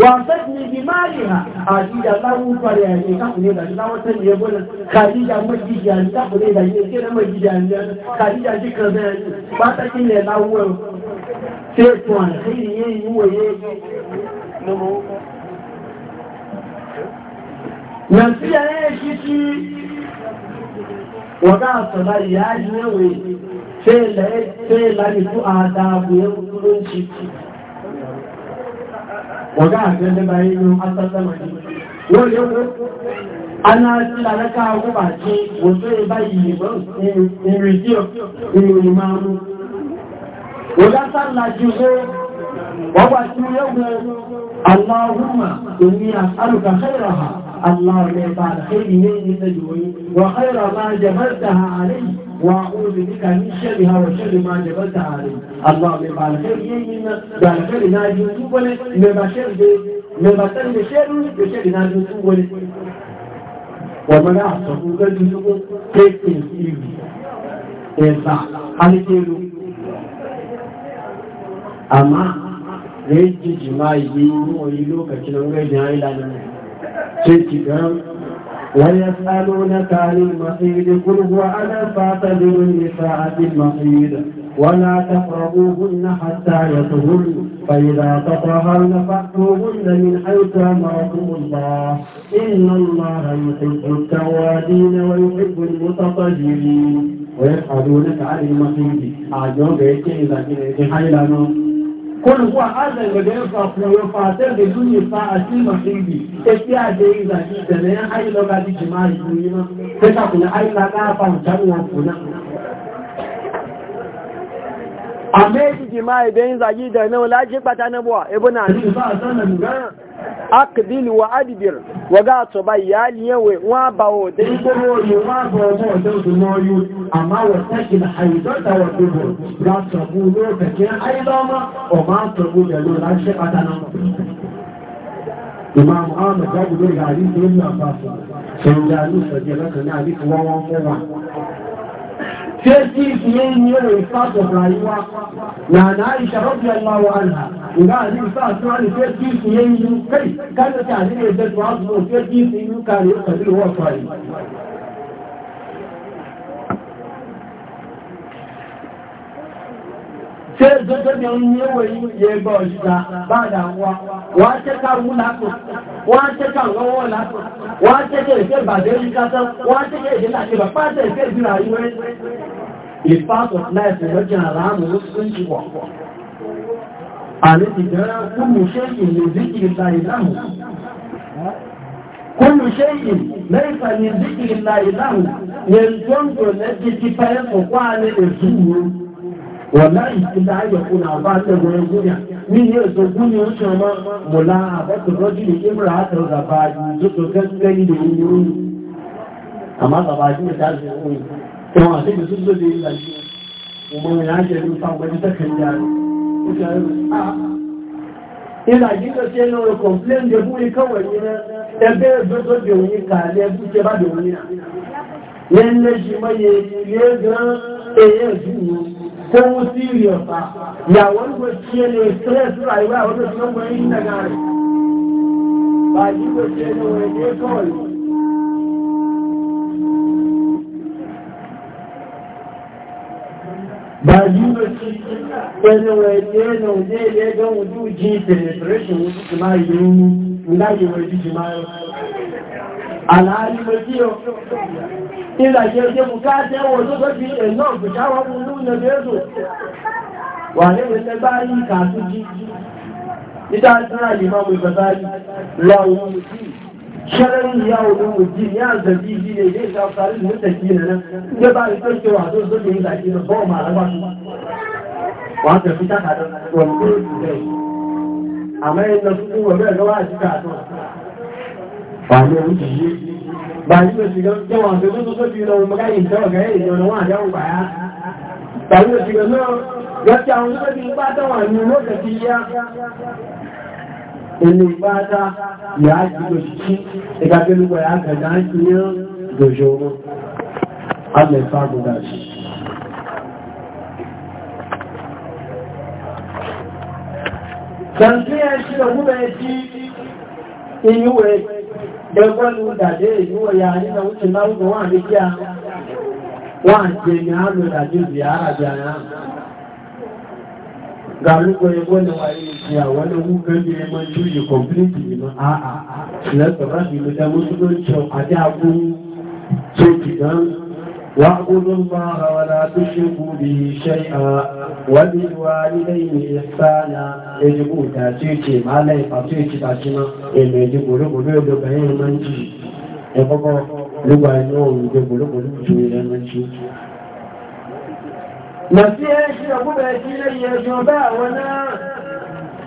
wà fẹ́tìní bí máa rí ha àdíjà láwùú parí àyíká fún ilẹ̀ láwọ́ tẹ́lẹ̀ ẹgbẹ́ náà. Khadija mọ́jíjà àríkà fún ilẹ̀ ayé kí ẹ̀rọ mọ́jíjà àríkà. Khadija sí kan bẹ́ẹ̀ pátákì ilẹ̀ láwọ́ ẹ̀rọ. Ṣé ètò àṣírí nàìjíríà yẹ́ ṣí tí wọ̀dá àtọ̀lá ìyá ìwẹ̀wẹ̀ tẹ́ láti fún àdáàbò ẹ̀kùn ló ń ṣe tí wọ̀dá àgbẹ̀lẹ́bà inú asásẹ́mọ̀dé wọ́n yẹ́ wọ́n anáàtí àrẹ́ká ọgbà tí wọ́n tó yẹ báyìí ìrìdí ìrìn máa mú wọ́dá sálà jù wọ́n wà tí ó yẹ́ wọ́n aláhùnmà الله اللهم اجعل خيره تجري وخير ما جبلتها عليه واعوذ بك من شرها وشر ما جبلتها عليه اللهم اجعل خيره بعد خير نادي وتوبله مما شر مما شر بشر بشر نادي وتوبله ومن اعصب وجدته كيف يسير يسع هل تيرو amma da yake jima'i yi yi lokacin wajen jihar ilanin الكتاب ويسألونك عن المحيض قل هو أنا فاعتذروا النساء في المحيض ولا تقربوهن حتى يطهرن فإذا تطهرن فأتوهن من حيث أمركم الله إن الله يحب التوابين ويحب المتطهرين ويسألونك عن المحيض أعجبك إذا كنت حيلا قل هو هذا الذي ينفع ويفاتر بدون ساعة المحيط تسيا جيزا جدا لأن أي لغة جماعي كنا أي لغة فانتان وفنا àmẹ́jì jìmá ẹ̀bẹ̀ ń zàyí ìdẹ̀nà lájí pàtà náà ẹbọ́ náà ní akìdìlì wa adìbìr wọ́gá àtọ̀bá ìyáàlì yẹnwẹ̀ wọ́n bá ò dé Imam Ahmed jáde lórí àríkì ìlú àpapọ̀, ṣe ń jẹ́ àríkì ìjẹ́ lọ́kàn ní àríkì wọ́n wọ́n fẹ́ wà. تأتي بين الإنصاف والرأيوة يعني عائشة رضي الله عنها وقال لي صاحب سؤال تأتي بين كيف كانت تعليم الزيت وعظمه تأتي بين كان يقتل هو صحيح ṣe ìjọ́jọ́jọ́ ní ẹwẹ̀ yẹgbọ́ ọ̀ṣìṣà báadà wa wọ́n tẹ́ka wú látọ̀ wọ́n tẹ́ka lọ́wọ́ látọ̀ wọ́n tẹ́kẹ̀ ìfẹ́ bàdé rí kátọ́ wọ́n tẹ́kẹ̀ ìfẹ́ làkẹ́bà pàtẹ́ ìfẹ́ ìfìlà ìwẹ́ ìfàtọ̀ láìpù lọ́jọ́ àràánù ó sún jù wọ̀ àlejò gẹ́rẹ́ kúrò ṣe ìlú zíkìrì ta ìdáhùn kúrò ṣe ìlú mẹ́ta ní zíkìrì ta ìdáhùn ní ẹ̀ńtọ́ńtò lẹ́jì ti fẹ́ fọ̀kwá ní èsù wúrú wala ila yakuna ba ta gurin gunya ni ne so gunya shi ma mula ba ta rajuli imra ta da ba ji to gangani da yuri amma ba ba ji ta ji ku to a sai su zo da illa shi kuma ya ce ni fa gwani ta kan ya ila ah, ah. ji ko sai no complain da buri kawai ne ebe zo zo da wuni ka le bu ke ba da wuni na lalle shi ko musiriyar ba ya wani kwaciye ne stress rayuwa wanda su nan bayan da gare ba yi kwaciye ne wani ne kawai ba yi kwaciye ne wani ne na wuje ne don wuju ji celebration wuju jima'i yi wuju jima'i àlàárí méjì ọ ìlàjẹ́ ìjẹ́ mú káàtẹ́ wọ́n tó tó ẹ̀nà ọ̀gbẹ̀ṣáwọ́ mú ní ọjọ́ èso wà ní ìwẹ̀sẹ̀ bá rí ìkàtú jí níta sára yìí máa mú ìbẹ̀bá rí lọ́wọ́ ṣẹlẹ́rì ìyá olóhùn jí ní àzẹ̀bí yìí lè dé ìta ọ̀sán ìlú tẹ̀sí rẹ̀ náà bá rí pé ṣe wà tó sókè ìlàjẹ́ lọ bọ́ọ̀mù alábàtú wà á tẹ̀fí sákàdọ́ àmọ́ ẹ̀ lọ fún wọn bẹ́ẹ̀ lọ́wọ́ àti káàtọ́ wàlẹ́ oríṣìí bàbí òṣì gan jẹ́wọ̀n tó tó tó ti lọ ọmọ káyìn tẹ́wọ̀ gẹ́rẹ́ ìjọba wọn àjẹ́wò bàyá bàbí òṣì gan náà yọtí àwọn tó ti ipá tẹ́wọ̀n ní lóṣẹ̀ ti yá ilé ipá tá yà á ti lòṣìṣí ìgbà tó lùgbọ̀ yà á kẹ̀dá ń ti yán lòṣò wọn alẹ́ fàgùdà sí Kàntí ẹ̀ ṣe ògúnbẹ̀ ẹ̀ tí iyúwẹ̀ ẹgbọ́n ìdàdé ìlú ọ̀yà nínú oúnjẹ láwùjọ wà ní kí a wà jẹ ní àrùn ìdàdé ìbí àràbí àyà gàlúgbọ ẹgbọ́n ni wà ní ìṣẹ́ àwọn ẹlẹ́wú gẹ́gẹ́ ẹmọ ju yìí kọ̀m̀pìlìtì nìmọ̀ àà lẹ́tọ̀ọ́ láti ìlú ẹgbọ́n واعبدوا الله ولا تشركوا به شيئا وبالوالدين إحسانا يجبوا تاتيتي ما لا يفتيتي تاتينا إلا يجبوا لقلوا يبقين منتي يبقوا لقوا ينوم يجبوا لقلوا يجبوا منتي Màsíhẹ́ ṣe ọgbọ́bẹ̀ẹ́ sílé ìyẹjọ́ bá àwọn náà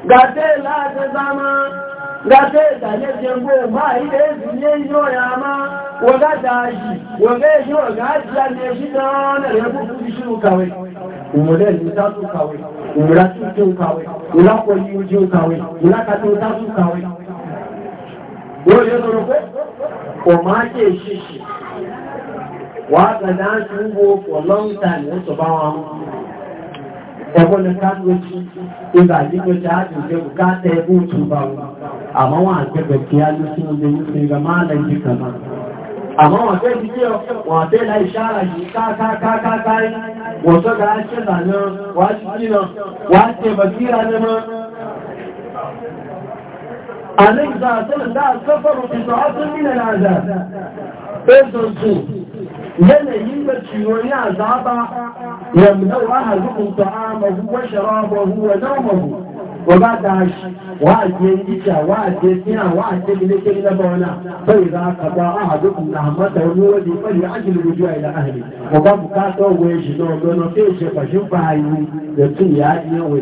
gàdé láti gata ìdàjẹ́ jẹ gbogbo ilé ìdílé yóò yà máa wọ́gá dáàjì wọ́gá èyí ọ̀gá àjíyà na na náà rẹ̀ gbogbo ìṣirò kàwé òmùdẹ́ ìlúta tó kàwé òmùdá tó tó kàwé òlápọ̀ yìí ojú kàwé òlákàtà for bá wọn amma wata gaskiya lusun da yi sai ga malar ji kama amma wata jiye wata na ishara ji ka ka ka ka ka yi wata ga ake zanen wasu jina wace basira ne ma a nan za a sanar da a kafaru fi sa'atun nina na za ɗansu su yanayin da ciwon ya zaba yamnau ahalukum ta'amahu wa sharabahu wa naumahu wa ba da واجه الجيشة واجه السنة واجه الكلمة بونا فإذا قضى أحدكم نعمته الولي فليعجل الرجوع إلى أهله وقام كاتو ويشنو دونو فيش فشوفها يتي يأتي يوي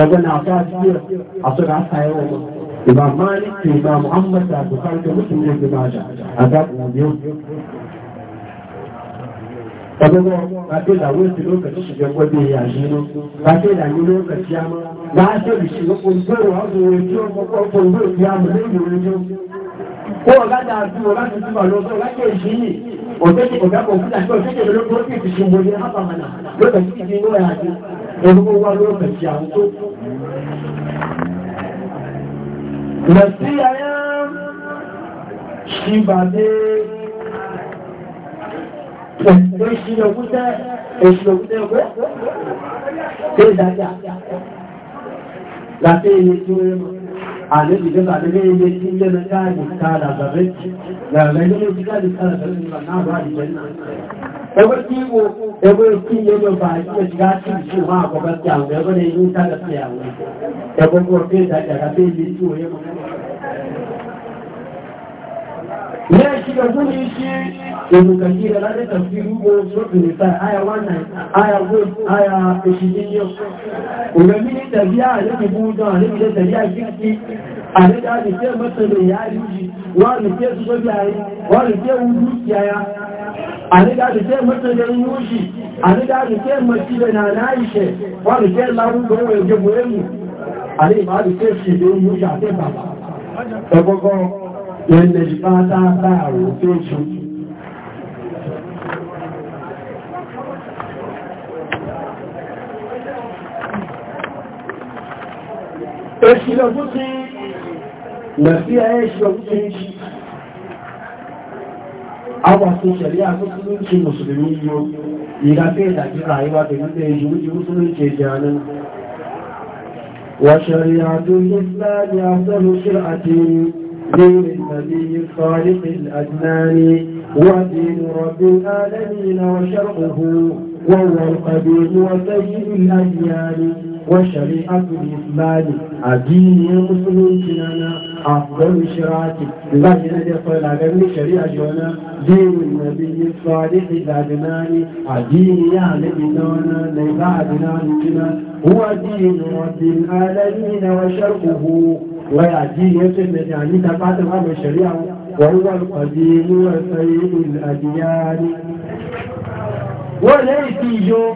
يقول أعطاك كيف أصدق عصا يوم إمام مالك إمام محمد أبو خالد مسلم بن ماجه أدب اليوم Ọgbọ́gbọ́ ba dé ìlàwó ìsìn lókàtí ṣùgbọ́gbọ́ bí i àṣírò, ba dé ìlàwó lókàtí a máa, ba dé ìṣìlọ́pọ̀ ìgbẹ̀rọ àwọn ohun tí ó kọ́kọ́ ọ̀pọ̀ ìgbẹ̀rọ ìgbẹ̀rọ ìgbẹ̀rọ ìgbẹ̀rọ Kọ́wọ̀ láti àdúrà láti túnbà láti ìṣìyìn, ọ̀tẹ́kì ọ̀gá kọ̀ọ̀kúta ṣọ́ ṣẹ́kẹ̀ lọ́pọ̀ ní ìṣìṣùgbò ní àpàmànà lọ́pẹ̀ sí ṣíbàdé Láti ilé tí ó rí mọ̀, àlébì lẹ́bà lé ilé tí ilé mẹ́ta ìbùkálà bàbẹ́ jì, lẹ́rẹ̀ ilé tí káàdì káàdì bàbẹ́ jì náà bá ìjẹ́ náà. Ẹgbẹ́ tí wo, ẹgbẹ́ tí ilé mọ̀ bá ìjẹ́ ti gáàkì ìṣù máa àkọ́kọ́ tí àwọn ẹgbẹ́ ni inú tàbí àwọn ẹgbẹ́ ya shiga gudun shi ibn kasira da da tafsiru ko sura nisa aya wannan aya go aya ishirin yau kuma mini tabiya da ke buɗa ne da tabiya a da da ke masa da ya yi wa ne ke su ga yayi wa ne ke wudu yaya a da da ke masa da yushi a da da ke masa da nanaishe wa ne ke lawo go ya je mu a ne ba da ke shi da yushi a ke baba yadda shi fata tó ti lẹ̀fí ayé ṣìlọ tó ti ń ṣí. Àwọn àti ìṣẹ̀lẹ̀ àtúkú ló ń ṣe Mùsùlùmí ní pé ìjú ìjú tó ṣe jẹ́ àná. Wọ́n ṣẹ̀rẹ̀ àjò ìgbẹ́sìlẹ̀ àjẹ́ àfẹ́ دين النبي الخالق الأدنان ودين رب العالمين وشرعه وهو القديم وسيد الأديان وشريعة الإسلام الدين المسلم لنا أفضل شرعة لكن صلاة شريعة جونا دين النبي الصالح الأدنان الدين يعني بدون ليس أدنان هو دين رب العالمين وشرعه ويأتيه يسمى يعني تقاط الأمر الشريعة وهو القديم وسيد الأديان وليس جو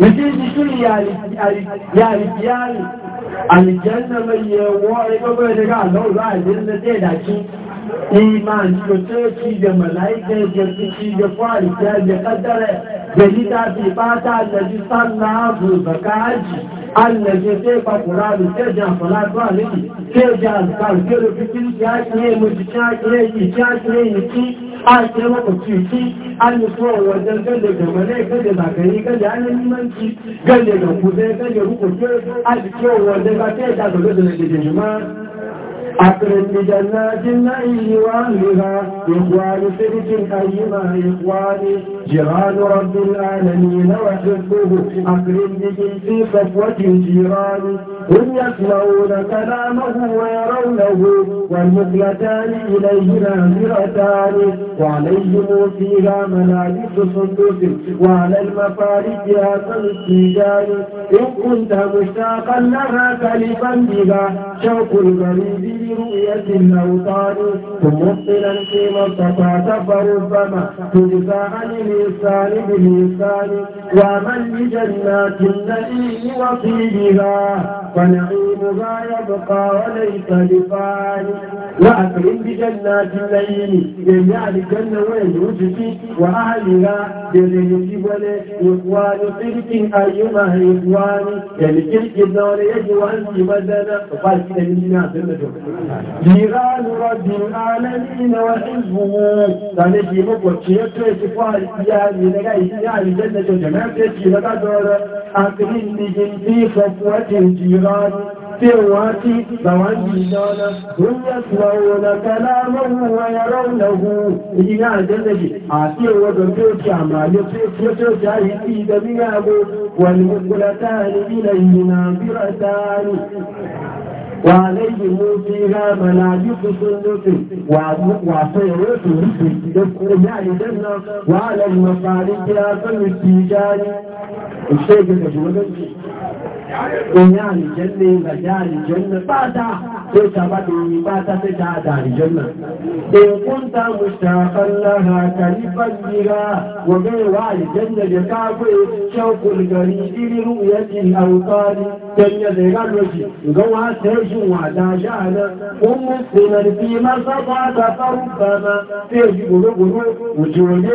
يجيز شو يا رجال الجنة من يوعي ببعدك الله لا يجب أن تدعي iman cococi da mala'ikai da ciki da kwariya da kaddara da littafi fata da ji sanna su zaka haji Allah ya sai ba kura da sai jan fala zuwa liki sai jan kar ke da fitin ya ne mu ji ta ne ki ta ne ni ki a ce maka ci ci an yi so wajen أقرب لجنات النعيم وأهلها إخوان فرج أيما إخواني جيران رب العالمين وحبه أقرب بهم في صفوة الجيران هم يسمعون كلامه ويرونه والمثلتان إليه ناظرتان وعليهم فيها ملابس سندس وعلى المفارق هذا السجان إن كنت مشتاقا لها كلفا بها شوق الغريب برؤية الأوطان ومبطلا فيما استطعت فربما تجزى عن الإنسان بالإنسان ومن لجنات النعيم وطيبها فنعيمها يبقى وليس بفان وأكرم بجنات الليل جميع الجنة ويوجد وأهلها بذلك ولا إخوان صرت أيما إخواني يعني تلك الدولة يجوى أنت بدنا وقال كده من جنات جيران رب العالمين وحزبه فنجي مبوك يتوي سفوار السياد لغا إسياد جنة جماعة جيران دور أقرنهم في صفوة الجيران بالسروات فوجدنا هم يسمعون كلامه ويرونه إلى جلدي عسير وبنبيوت عمال يصيف يصيف يعيد منه والمقلتان إليه ناظرتان وعليه فيها ملايك سنة وسيرة رسل يذكر يعني جنة وعلى المصارف يا فم التجاري الشيخ الجمهوري ìyá àrìjẹ́lẹ̀ ìgbàjá àrìjẹ́lẹ̀ pátá tó sàbádé yìí pátá tó dáadà àrìjẹ́lẹ̀. Èkún ta mùsàkọ́ lára kàrífà nira wọ̀gẹ́wà àrìjẹ́lẹ̀ jẹ káàkó ṣẹ́kùn gari irinu yẹ́kì àwùkárí tẹ́yẹ da ya lọ́jì ga wa tẹ́jìn wà dájá náà wọ́n mú sinar fi masa fata farúkà náà tẹ́jì gbogbogbò òjòròyé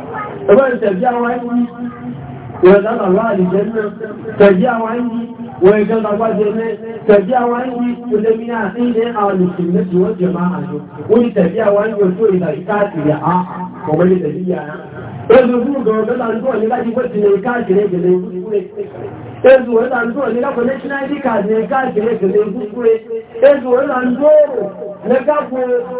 ẹgbẹ́ ìtẹ̀bí àwọn ẹ̀kùn ìrẹ̀dánà láàrín jẹ́ tẹ̀bí àwọn ẹ̀kùn ويقول أواجه تبيع وين ولمن عقيدة على السنة والجماعة ولتبيع وين وشو إذا كاتب يا آه ومن تبيع Ezu fún gọ̀ọ̀gọ́ta ń tọ́ ní láti wọ́n ti lè káàkiri gẹ̀lẹ̀ ìgbúgbúré. Ezu wọ́n ta ń tọ́ ní láti wọ́n ti lè káàkiri gẹ̀lẹ̀ ìgbúgbúré. Ezu wọ́n ta ń tọ́ na kafin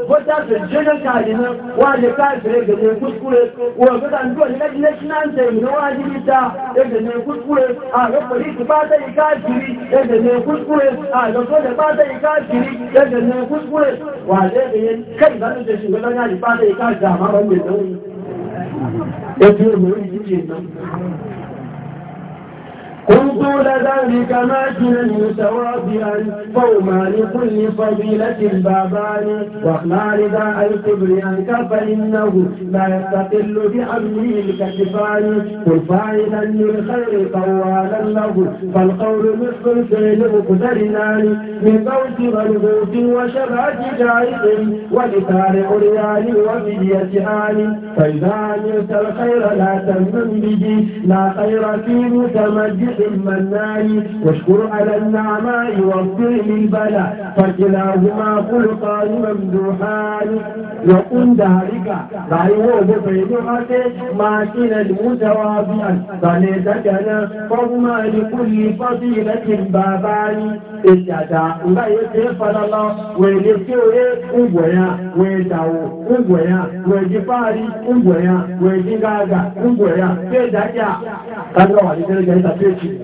wata su jirin kaji na waje kafin da ne kuskure wanda da ndo ne kaji national team na waje bita da ne kuskure a ga polisi ba ta yi kafiri da ne kuskure a ga soja ba ta yi kafiri da ne kuskure waje da yin kai da nake shi ga gani ba ta yi kafiri amma ban da nauyi ya tuyo mu yi jije قم طول ذلك ماكلا متوافئا فوما لكل فضيلة بابان واخنع رداء الكبر عنك فإنه لا يستقل بأمره الكتفان قل فاعلا للخير طوالا له فالقول مثل الفعل مقترنان من قوس منغوص وشبهة جائز ولسارع ريال وفدية آل فإذا عملت الخير لا تمن به لا خير في متمجد المناي واشكر على النعماء واغفر للبلاء فكلاهما خلقان ممدوحان وقل ذلك رأيه بفيدعته ماكنا متواضعا فليتكنا فهما لكل فضيلة بابان eshada nga yote falala welekewe ungwenya wendawo ungwenya wejifari ungwenya wejingaga ungwenya kedaja kadra waliteleja itapechi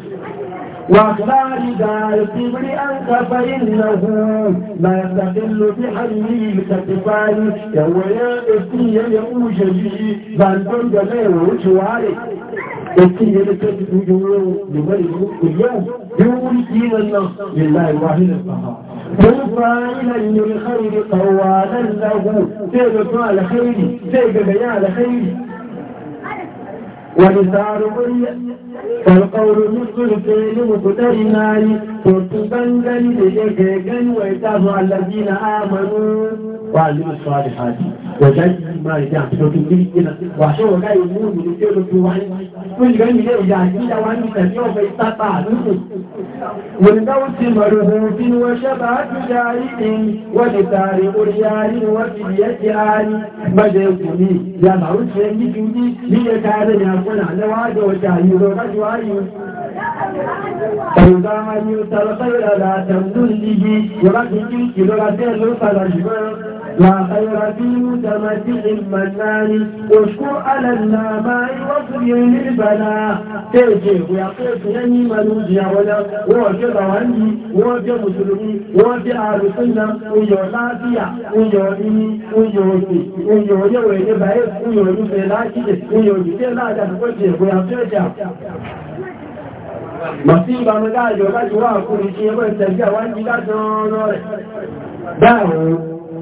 واخبار دار الكبر أنت فإنه لا يستقل بحمله الكتفان يوم يأتي يوم جديد بل تنجم وجواري يبتدي يلتفت وجوهه لغيره اياه يولي دين الله لله الواحد القهار وفاعلا للخير قوالا له سيد فعل خيري سيد بيان خيري ولسان مريا فالقول مثل الفعل مقتر ناري ترتبا للجيجا ويتاه الذين امنوا وعلموا الصالحات وجعلنا ما رجعت وتملكنا وعشان لا يمون من الكل في واحد كل جاني لا يجعل وعن تسيوم فيستطع ولدوس مرهوب وشبعة جاري ولدار أريار وفدية آل مدعوتني يا معروف شيء جودي لي كان يقول على وعد وجعل ورجعي Ẹ̀rùdá ayé ọ̀tàlọ́sọ́rọ̀ àdá àtẹ̀mú lìí, yọ́lá ti kí ìlọ́ra tẹ́ ló fàlàjì mọ́rán. لا خير في متمتع منان واشكر على النعماء واصبر للبلاء تيجي ويقيت يني ملوزيا ولا وجد واني وجد مسلمي وجد اهل السنه ويو لافيا ويو ديني ويو دي ويو دي ويو باي ويو دي لاكي ويو دي لا دا كوتي ويو Màtíbà mẹ́gáàjọ̀ láti wá àkúrò ìṣẹ́ ẹgbẹ́ ìtẹ̀gbẹ́ àwọn ìgbìyànjọ́ rẹ̀. Báyìí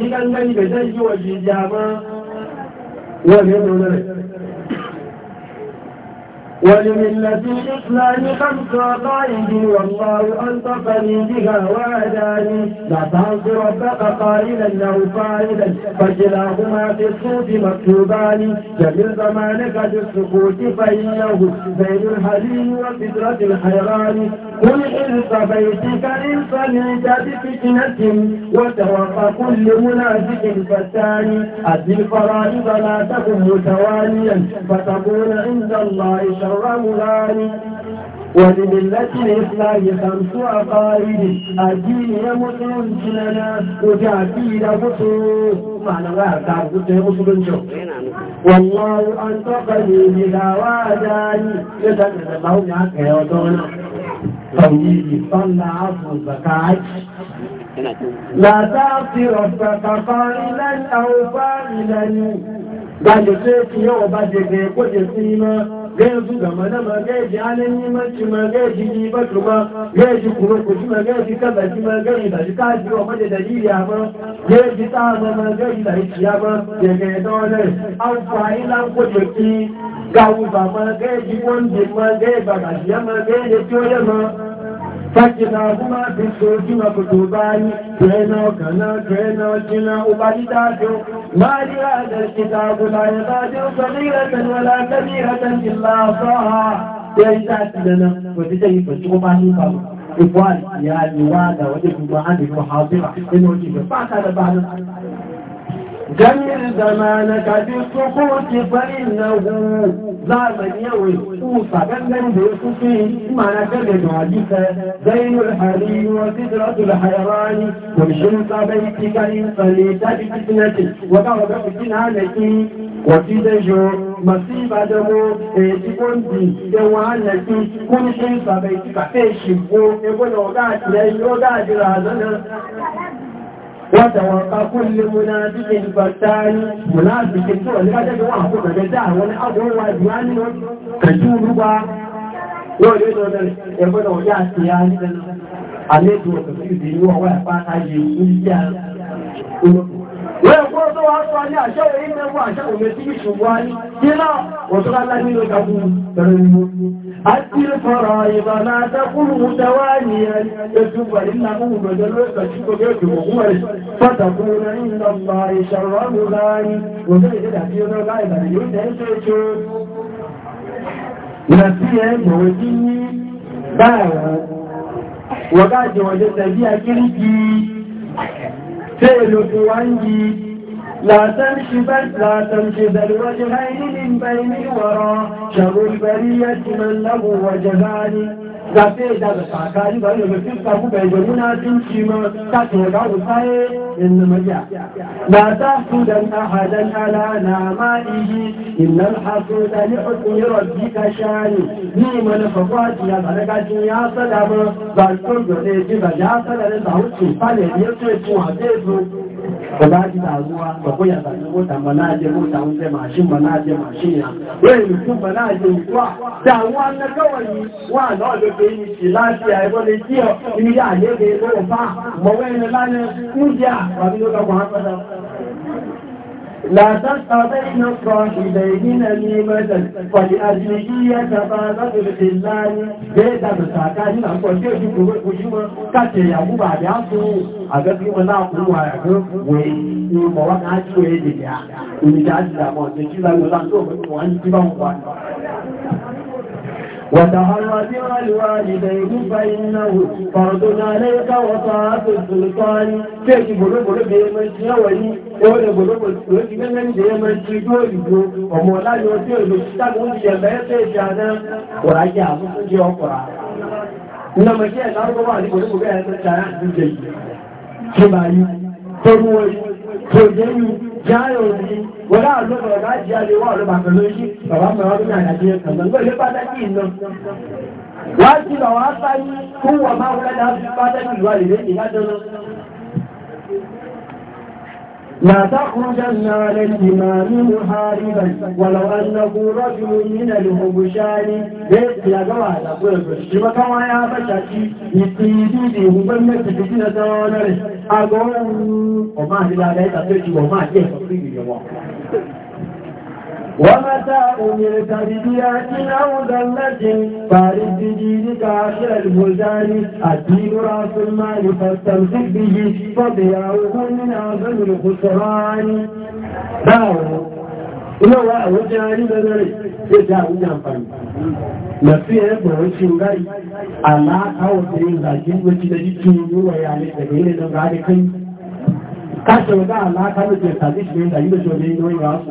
你敢敢一辈子以为是家吗？我连都不 ولملة الإسلام خمس عقائد والله ألطفني بها وهداني لا تعص ربك قائلا أو قائلا فكلاهما في الصوت مكتوبان جميل زمانك في السكوت فإنه زين الحليم وفدرة الحيران قل حرص بيتك إن صليت بفتنة وتوقى كل منافق فتان أدي الفرائض لا تكن متواليا فتكون عند الله شهر شر مغاري ولملة الإسلام خمس عقائد الدين مسلم لنا وجعتي لبطوس معنى لا تعبد مسلم شو والله أنطقني بلا وعداني يتكلم الله معك يا وطنا توحيدي صلى عصر الزكاة لا تعصي ربك قائلا أو فاعلا بل سيك يوم بدك يقول سيما gaji gamana ma gaji halin nimanci ma gaji libatu ma gaji kurokuci ma gaji kazaji ma gaji da jika ji wa mace dalili ma gaji tsama ma gaji da hikiya ma ya ga ya dole an fa'i lan kwaje ki gawu ba ma gaji wanda ma gaji ba gaji ya ma gaji ya ma Fájìlá fún máa fi ṣojú ọkùnkùn báyìí, kẹ́ẹ̀nà ọ̀kànlá, kẹ́ẹ̀nà ọ̀jìnà, ọba dídájọ́, máa rí àjẹ́ ìṣẹ́ta àgùnlá ìdájọ́ sọ́lé ìrẹ́tẹ̀lẹ́lá tẹ́lẹ̀ ìrẹ́tẹ̀lẹ́lá sọ́ha. Bẹ́ẹ̀ ìdá àti ìdẹ̀nà, kò sí jẹ́ ìfẹ̀ tí ó bá ní ìbàmù. Ìfọ́ àti ìyá ìwádà wọ́n جميع زمانك في السقوط فإنه زمن يوي وصا جنن بيصفي ما نكد عجيسة زين الحرير وسدرة الحيران ومشمس بيتك إن صليت بفتنة وقرب فتنة عليك وتدجو مصيب دمو تكون دي دوانك كل شمس بيتك بو يقول وقعت لأي وقعت لأذنه nwataanle nye ade aeya bụa aa na oye ọee na nyeụ ya ala eraụ أتي الفرائض لا تقول توانيا يجب إنه بدل تجب يجب فتكون عند الله شر مغاني وذلك الحديث غائبا يدهشش نسيه يوجيه báyàrá wọ́gájẹ̀ wọ́jẹ́ tẹ̀bí akíríkì tẹ́ẹ̀lò tó wá لا تمشي بل لا تمشي ذا الوجهين من بين الورى شر البرية من له وجهان zafe da da sakari ba da mutum ka ku bai gani na tun shi ma ta ce ga ku sai in na maja la ta su dan ahadan ala na ma'ihi innal hasuda li hukmi rabbika shani ni man faqati ya daga jin ya sada ba ba ko da ji ba ya sada da hukunci fa ne ya ce ku hade su ba za ji taruwa ba ku yasa ne mota ba na je mota wun sai mashin ba na je mashin ya wai mutum ba na je mutuwa damuwa na kawai wa na wadda ke yi shi lafiya ya gwada kiyo ni ya ne ga ya zo fa ma wai na لا تشقى بين صاحبين نيمة فلأجله يتفاوت الخلان بيتا مساكا هنا أقول كيف يقول وجمع كاتي يا أبو بعد يأسو أقول كيف أنا أقول وأقول وإيه مواقع شوية دي يا ومجاز لا مواقع شوية دي يا ومجاز لا مواقع شوية دي يا وتهر بالوالدين فإنه فرض عليك وطاعة السلطان كيف بلوبل بيمشي ولي ولا بلوبل بيمشي بيمشي جوجو ومولا يوتيو بيشتغل بيمشي جانا وراجع مسجي وقرا إنما شيء الأرض ما يقول لك أنا تعرف بيجي شو بعدي تقول تقول jáàrẹ̀ òní wọlá àlọ́bọ̀ ọ̀gá jẹ́ àlewà ọ̀lọ́bà pẹ̀lú ojú bàbá mọ̀ ọdún àdájẹ́ ẹ̀kọ́ lọ́gbọ́n ilé pàtàkì iná wá sí bàbá sáyé fún wọ̀ máa wọlé láti pàtàkì ìwà ìrẹ́lẹ̀ ìyájọ́ náà لا تخرجن عليهم محاربا ولو أنه رجل من الهبشان يا جماعة أقول لكم كما يا بشاشي يتيدي دي من تبتنا سوانا أقول وما هلا لا يتفجي وما جيه تصيبي يا ومتى أمرت بديات أو ذلة فارس بدينك عشر البلدان الدين رأس المال فاستمسك به فضياعه من أعظم الخسران باو ina a wajen hari da zare zai ta wani amfani na fiye da rashin gari amma kawo tsirin zaki wacce da jikin yi wa yare daga yi da gari kai kashe wata alaka da ke tafi shi ne da yi da shi wajen yi wasu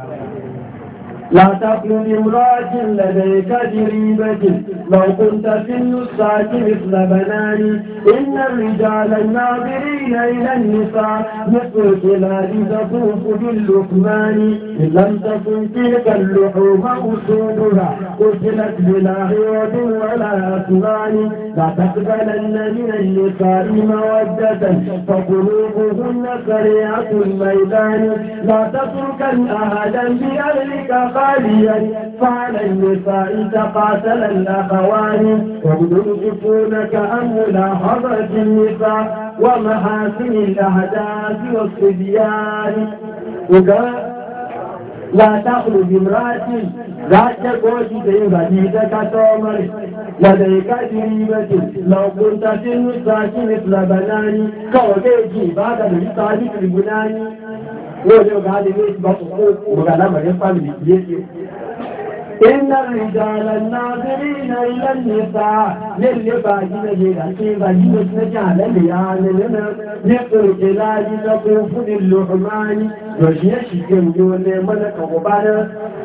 لا تكن امرأة لديك جريبة لو كنت في النساء مثل بناني إن الرجال الناظرين إلى النساء مثل الكلاب تطوف باللقمان إن لم تكن تلك اللحوم أصولها قتلت بلا عوض ولا أسنان لا تقبلن من النساء مودة فقلوبهن سريعة الميدان لا تتركن أحدا بأهلك خاليا فعلى النساء تقاتل الأخوان ومنفقون كامل ملاحظة النساء ومحاسن الاهداف والصبيان لا تخلو بامرأة ذات قوتي تنبتي كتومر لديك جريبة لو كنت في النساء مثل بناني كوكي جيبا النساء في البناني lóòjọ́ ọ̀gá adé إن الرجال الناظرين إلى النساء للباجين للأسين باجين نجعل ليان لنا نقر إلى نقوف للعمان وشيش جمجون ملك غبانا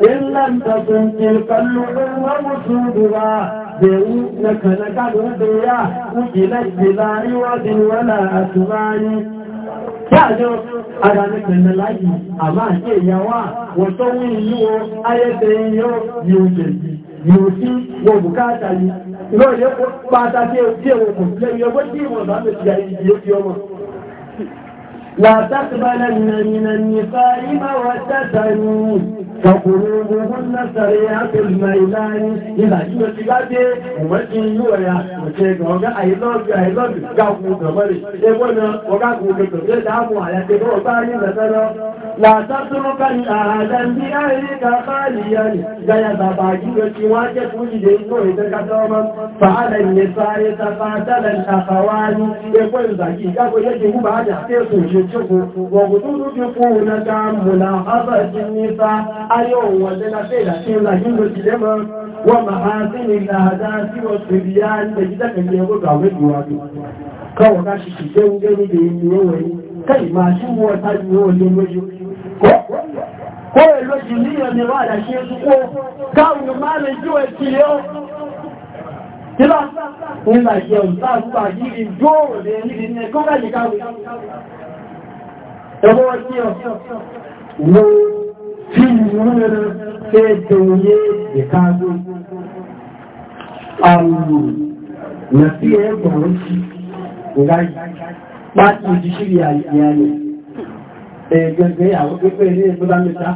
إن لم تكن تلك اللعوم وصودها بيوتنا كنكا نبيا وكلا الجبال وذن ولا أسمان Sáàjọ́ adànìkẹ̀ẹ́nà láyìí, àmá àti ìyàwó wọ̀tọ́ ní ìlú ayẹ́tẹ̀ yóò yóò jẹ̀ yóò sí wọ́n bùkátà yìí. Lọ́yẹ́ pàtàkì ẹ̀kọ́ tí ẹ̀wọ̀n kò لا تقبلن من النفاق مودة فقلوبهن سريعة الميلان إذا كنت تقاتي ومجي يويا وشيك وقا I love you I love you قاكو كمالي إبونا وقاكو كمالي دعمو على تدور باري مثلا لا تترك أهدا بأهلك خاليا جايا زباكي وشيواك كل دين نويت كتوما فعلى النساء تقاتل الأخوان إبونا زكي قاكو يجي مبعد يحتيسو jugu wa kutudufikuna ka mulahabatin nisa ayo wadana fela kila hindu kilema wa mahasini na hadasi wa sibiyani da gida kan yego ga wani wani kawo yìí ìjọ́ òde nílùú ní ẹ̀kọ́ ọwọ́ tí ìrúnrẹ̀ fẹ́ jẹunye ìkáàgbó àrùn na sí ẹgbọ̀n orí ìráyì pàtí òjíṣìrí ẹgbẹ̀gbẹ̀ àwọn pẹ́pẹ́ ilé ìgbọ́dá mẹ́ta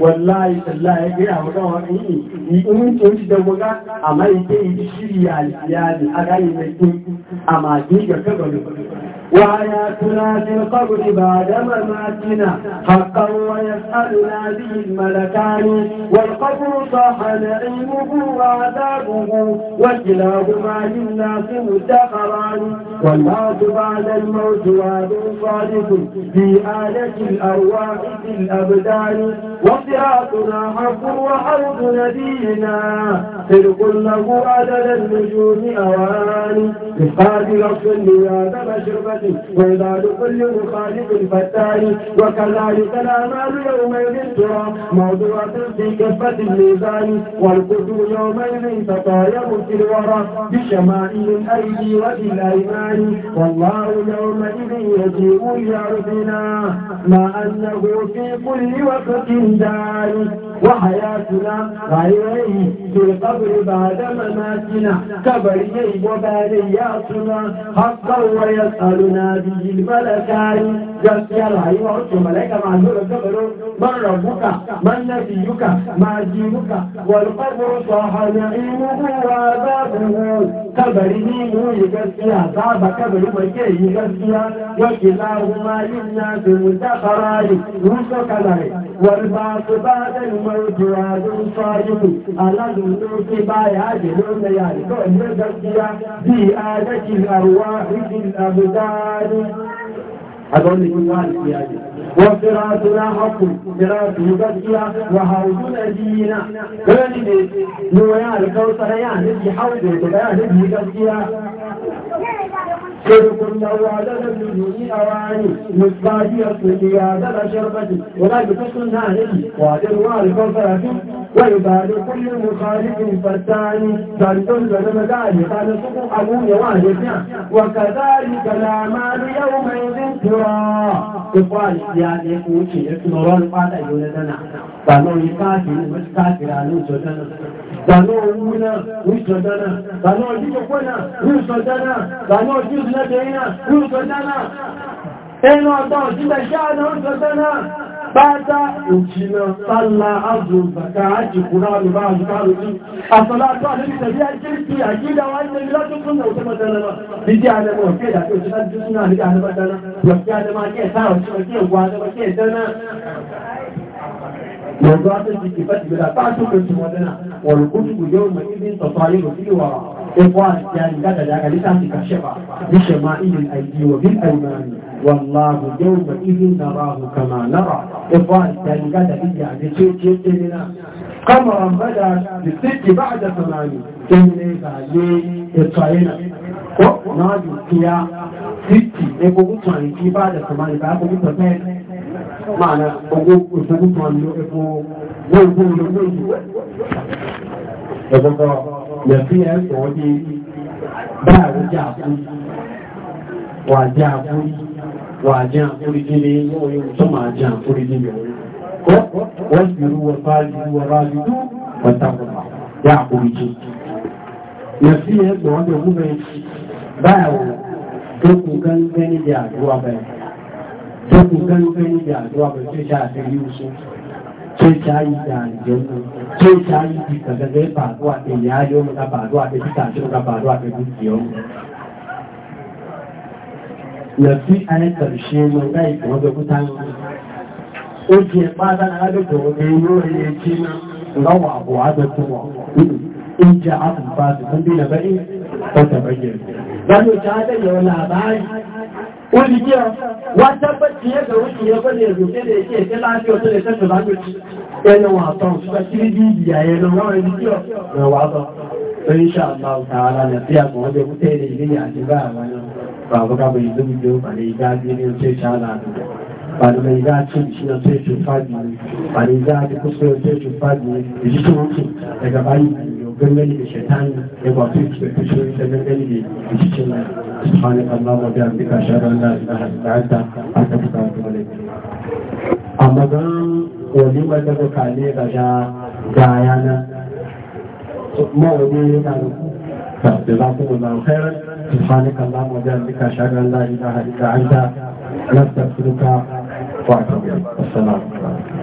wọ̀láì tẹ̀lá ẹgbẹ́ àwọn ọmọ ìyìn ìgbìmí tó ń ṣìdẹ̀gbọ́gá àmáyé tẹ́ ìjíṣìrí àyíyàní agáyẹ̀ وآياتنا في القبر بعد مماتنا حقا ويسألنا به الملكان والقبر صاح نعيمه وعذابه وكلاهما للناس مدخران والموت بعد الموت واد صادق في آلة الأرواح في الأبدان وصراطنا حق وحوض نبينا خلق له عدد النجوم أواني إفقاد الأصل يا ذا مشربة الجنة وينال كل مخالف فتاي وكذلك الأعمال يومئذ ترى موضوعة في كفة الميزان والقدر يومئذ تطاير في الورى بشمائل الأيدي وفي الأيمان والله يومئذ يجيء لعرضنا ما أنه في كل وقت داعي وحياتنا غيره في القبر بعد مماتنا كبريه وبالياتنا حقا ويسألنا ينادي الملكان gaskiya rayuwa wacce malaika ma nuna kabarin man rabuka man nabiyuka ma jiruka wal qabru sahana imuhu wa babuhu kabari ni mu yi gaskiya ta ba kabari ba ke yi gaskiya wa kilahu ma yinna bi mutafarari ruso kalare wal basu bada mawdu wa dun sahibu aladu nuki ba ya jiru na ya ko gaskiya bi العباد أظن يوان سيادي وفراسنا حق فراس مبكية وهاوزنا دينا ولدي نويا لكوثر يا نبي حوض وتبقى نبي مبكية ويكون له عدد الجنون أواني مصباحية ليادة شربة ولا بكسر ناره وادروا الكفرة ويبال كل مخالف فتاني فالدن ظلم ذلك قال سوق أبو يوان وكذلك الأعمال يومئذ ترى إخوان يعني يقول شيء يسمرون قال أيونا دنا فنوي كافر مش كافر عنه جدنا Tàná owó náà, no dáná. Tàná ìdíjọpọ̀ náà, wíṣọ̀ dáná. Tàná ìdíjọpọ̀ náà, wíṣọ̀ dáná. Ẹnu ọ̀tọ̀ òṣìṣẹ́ ṣáà náà, wíṣọ̀ dáná. Báta òjìnà sálà àzòbàkà àjìkúrá àlùbá àjùkà àrùjú. Àsọ̀lá àtọ́ àlébí tẹ̀lé ajé ti àjídá wá ní lọ́tún fún ìwọ̀n tó mọ̀tẹ́lẹ̀ lọ. Dídí àlẹ́mọ̀ ọ̀kẹ́ ìdàkẹ́ òṣìṣẹ́ àjúṣúná àríkà àdébátaná. Yọ̀kẹ́ àdébákẹ́ ìsáà òṣìṣẹ́ òṣìṣẹ́ òwò àdébákẹ́ ìdáná. والباطل في صفات بلا من سمودنا والكتب يومئذ تصارير في الورى إخوان يعني كذا ذاك لسانك الشفا بشمائل الأيدي وبالأيمان والله يومئذ نراه كما نرى إخوان يعني كذا يعني تشيلنا قمرا بدا بالست بعد ثماني كمني بعدين إطعينا ناجو كيا ستي إخوان يعني بعد ثماني بعد ثماني maana ogó òṣèlú tó máa jẹ́ wọ́n sì rú wọ́n bá rú wọ́n bá rú báyàwó tó kù gángan níbi àdúrà bẹ́ẹ̀ tó kù gánúgbé níbi àdúrà pẹ̀lú tó ṣe àtẹ̀lé oṣù tó ṣe àyíjà àjẹmú tó ṣe àyíjì kàgẹ́gẹ́ bàdó àtẹ̀lé ayé ọmọ ká àtẹ̀lé tàbí ọmọ ká àtẹ̀lé tì ọmọ. Nàfi ayé kàrìṣe mọ láì kàn ọgbẹ́ kúta ó ti ẹ̀ bá dáná wani biya wata bacci ya ga wuce ya bane roƙe da yake ta lafiya ta da ta ta lafiya yana wasan ba shi bibiya ya nan wani biya na wasan to insha Allah ta'ala na tsaya kuma da gangani da shaitani ya ba su su fi shi ta gangani da cikin subhanak Allah wa biya bika sharan la ilaha illa anta anta fuka wa laki amma dan walima ta ga kale ga ja gaya na ma wani yana da jazakum Allah khairan subhanak Allah wa biya bika sharan la ilaha illa anta nastaghfiruka wa atubu ilaik assalamu alaikum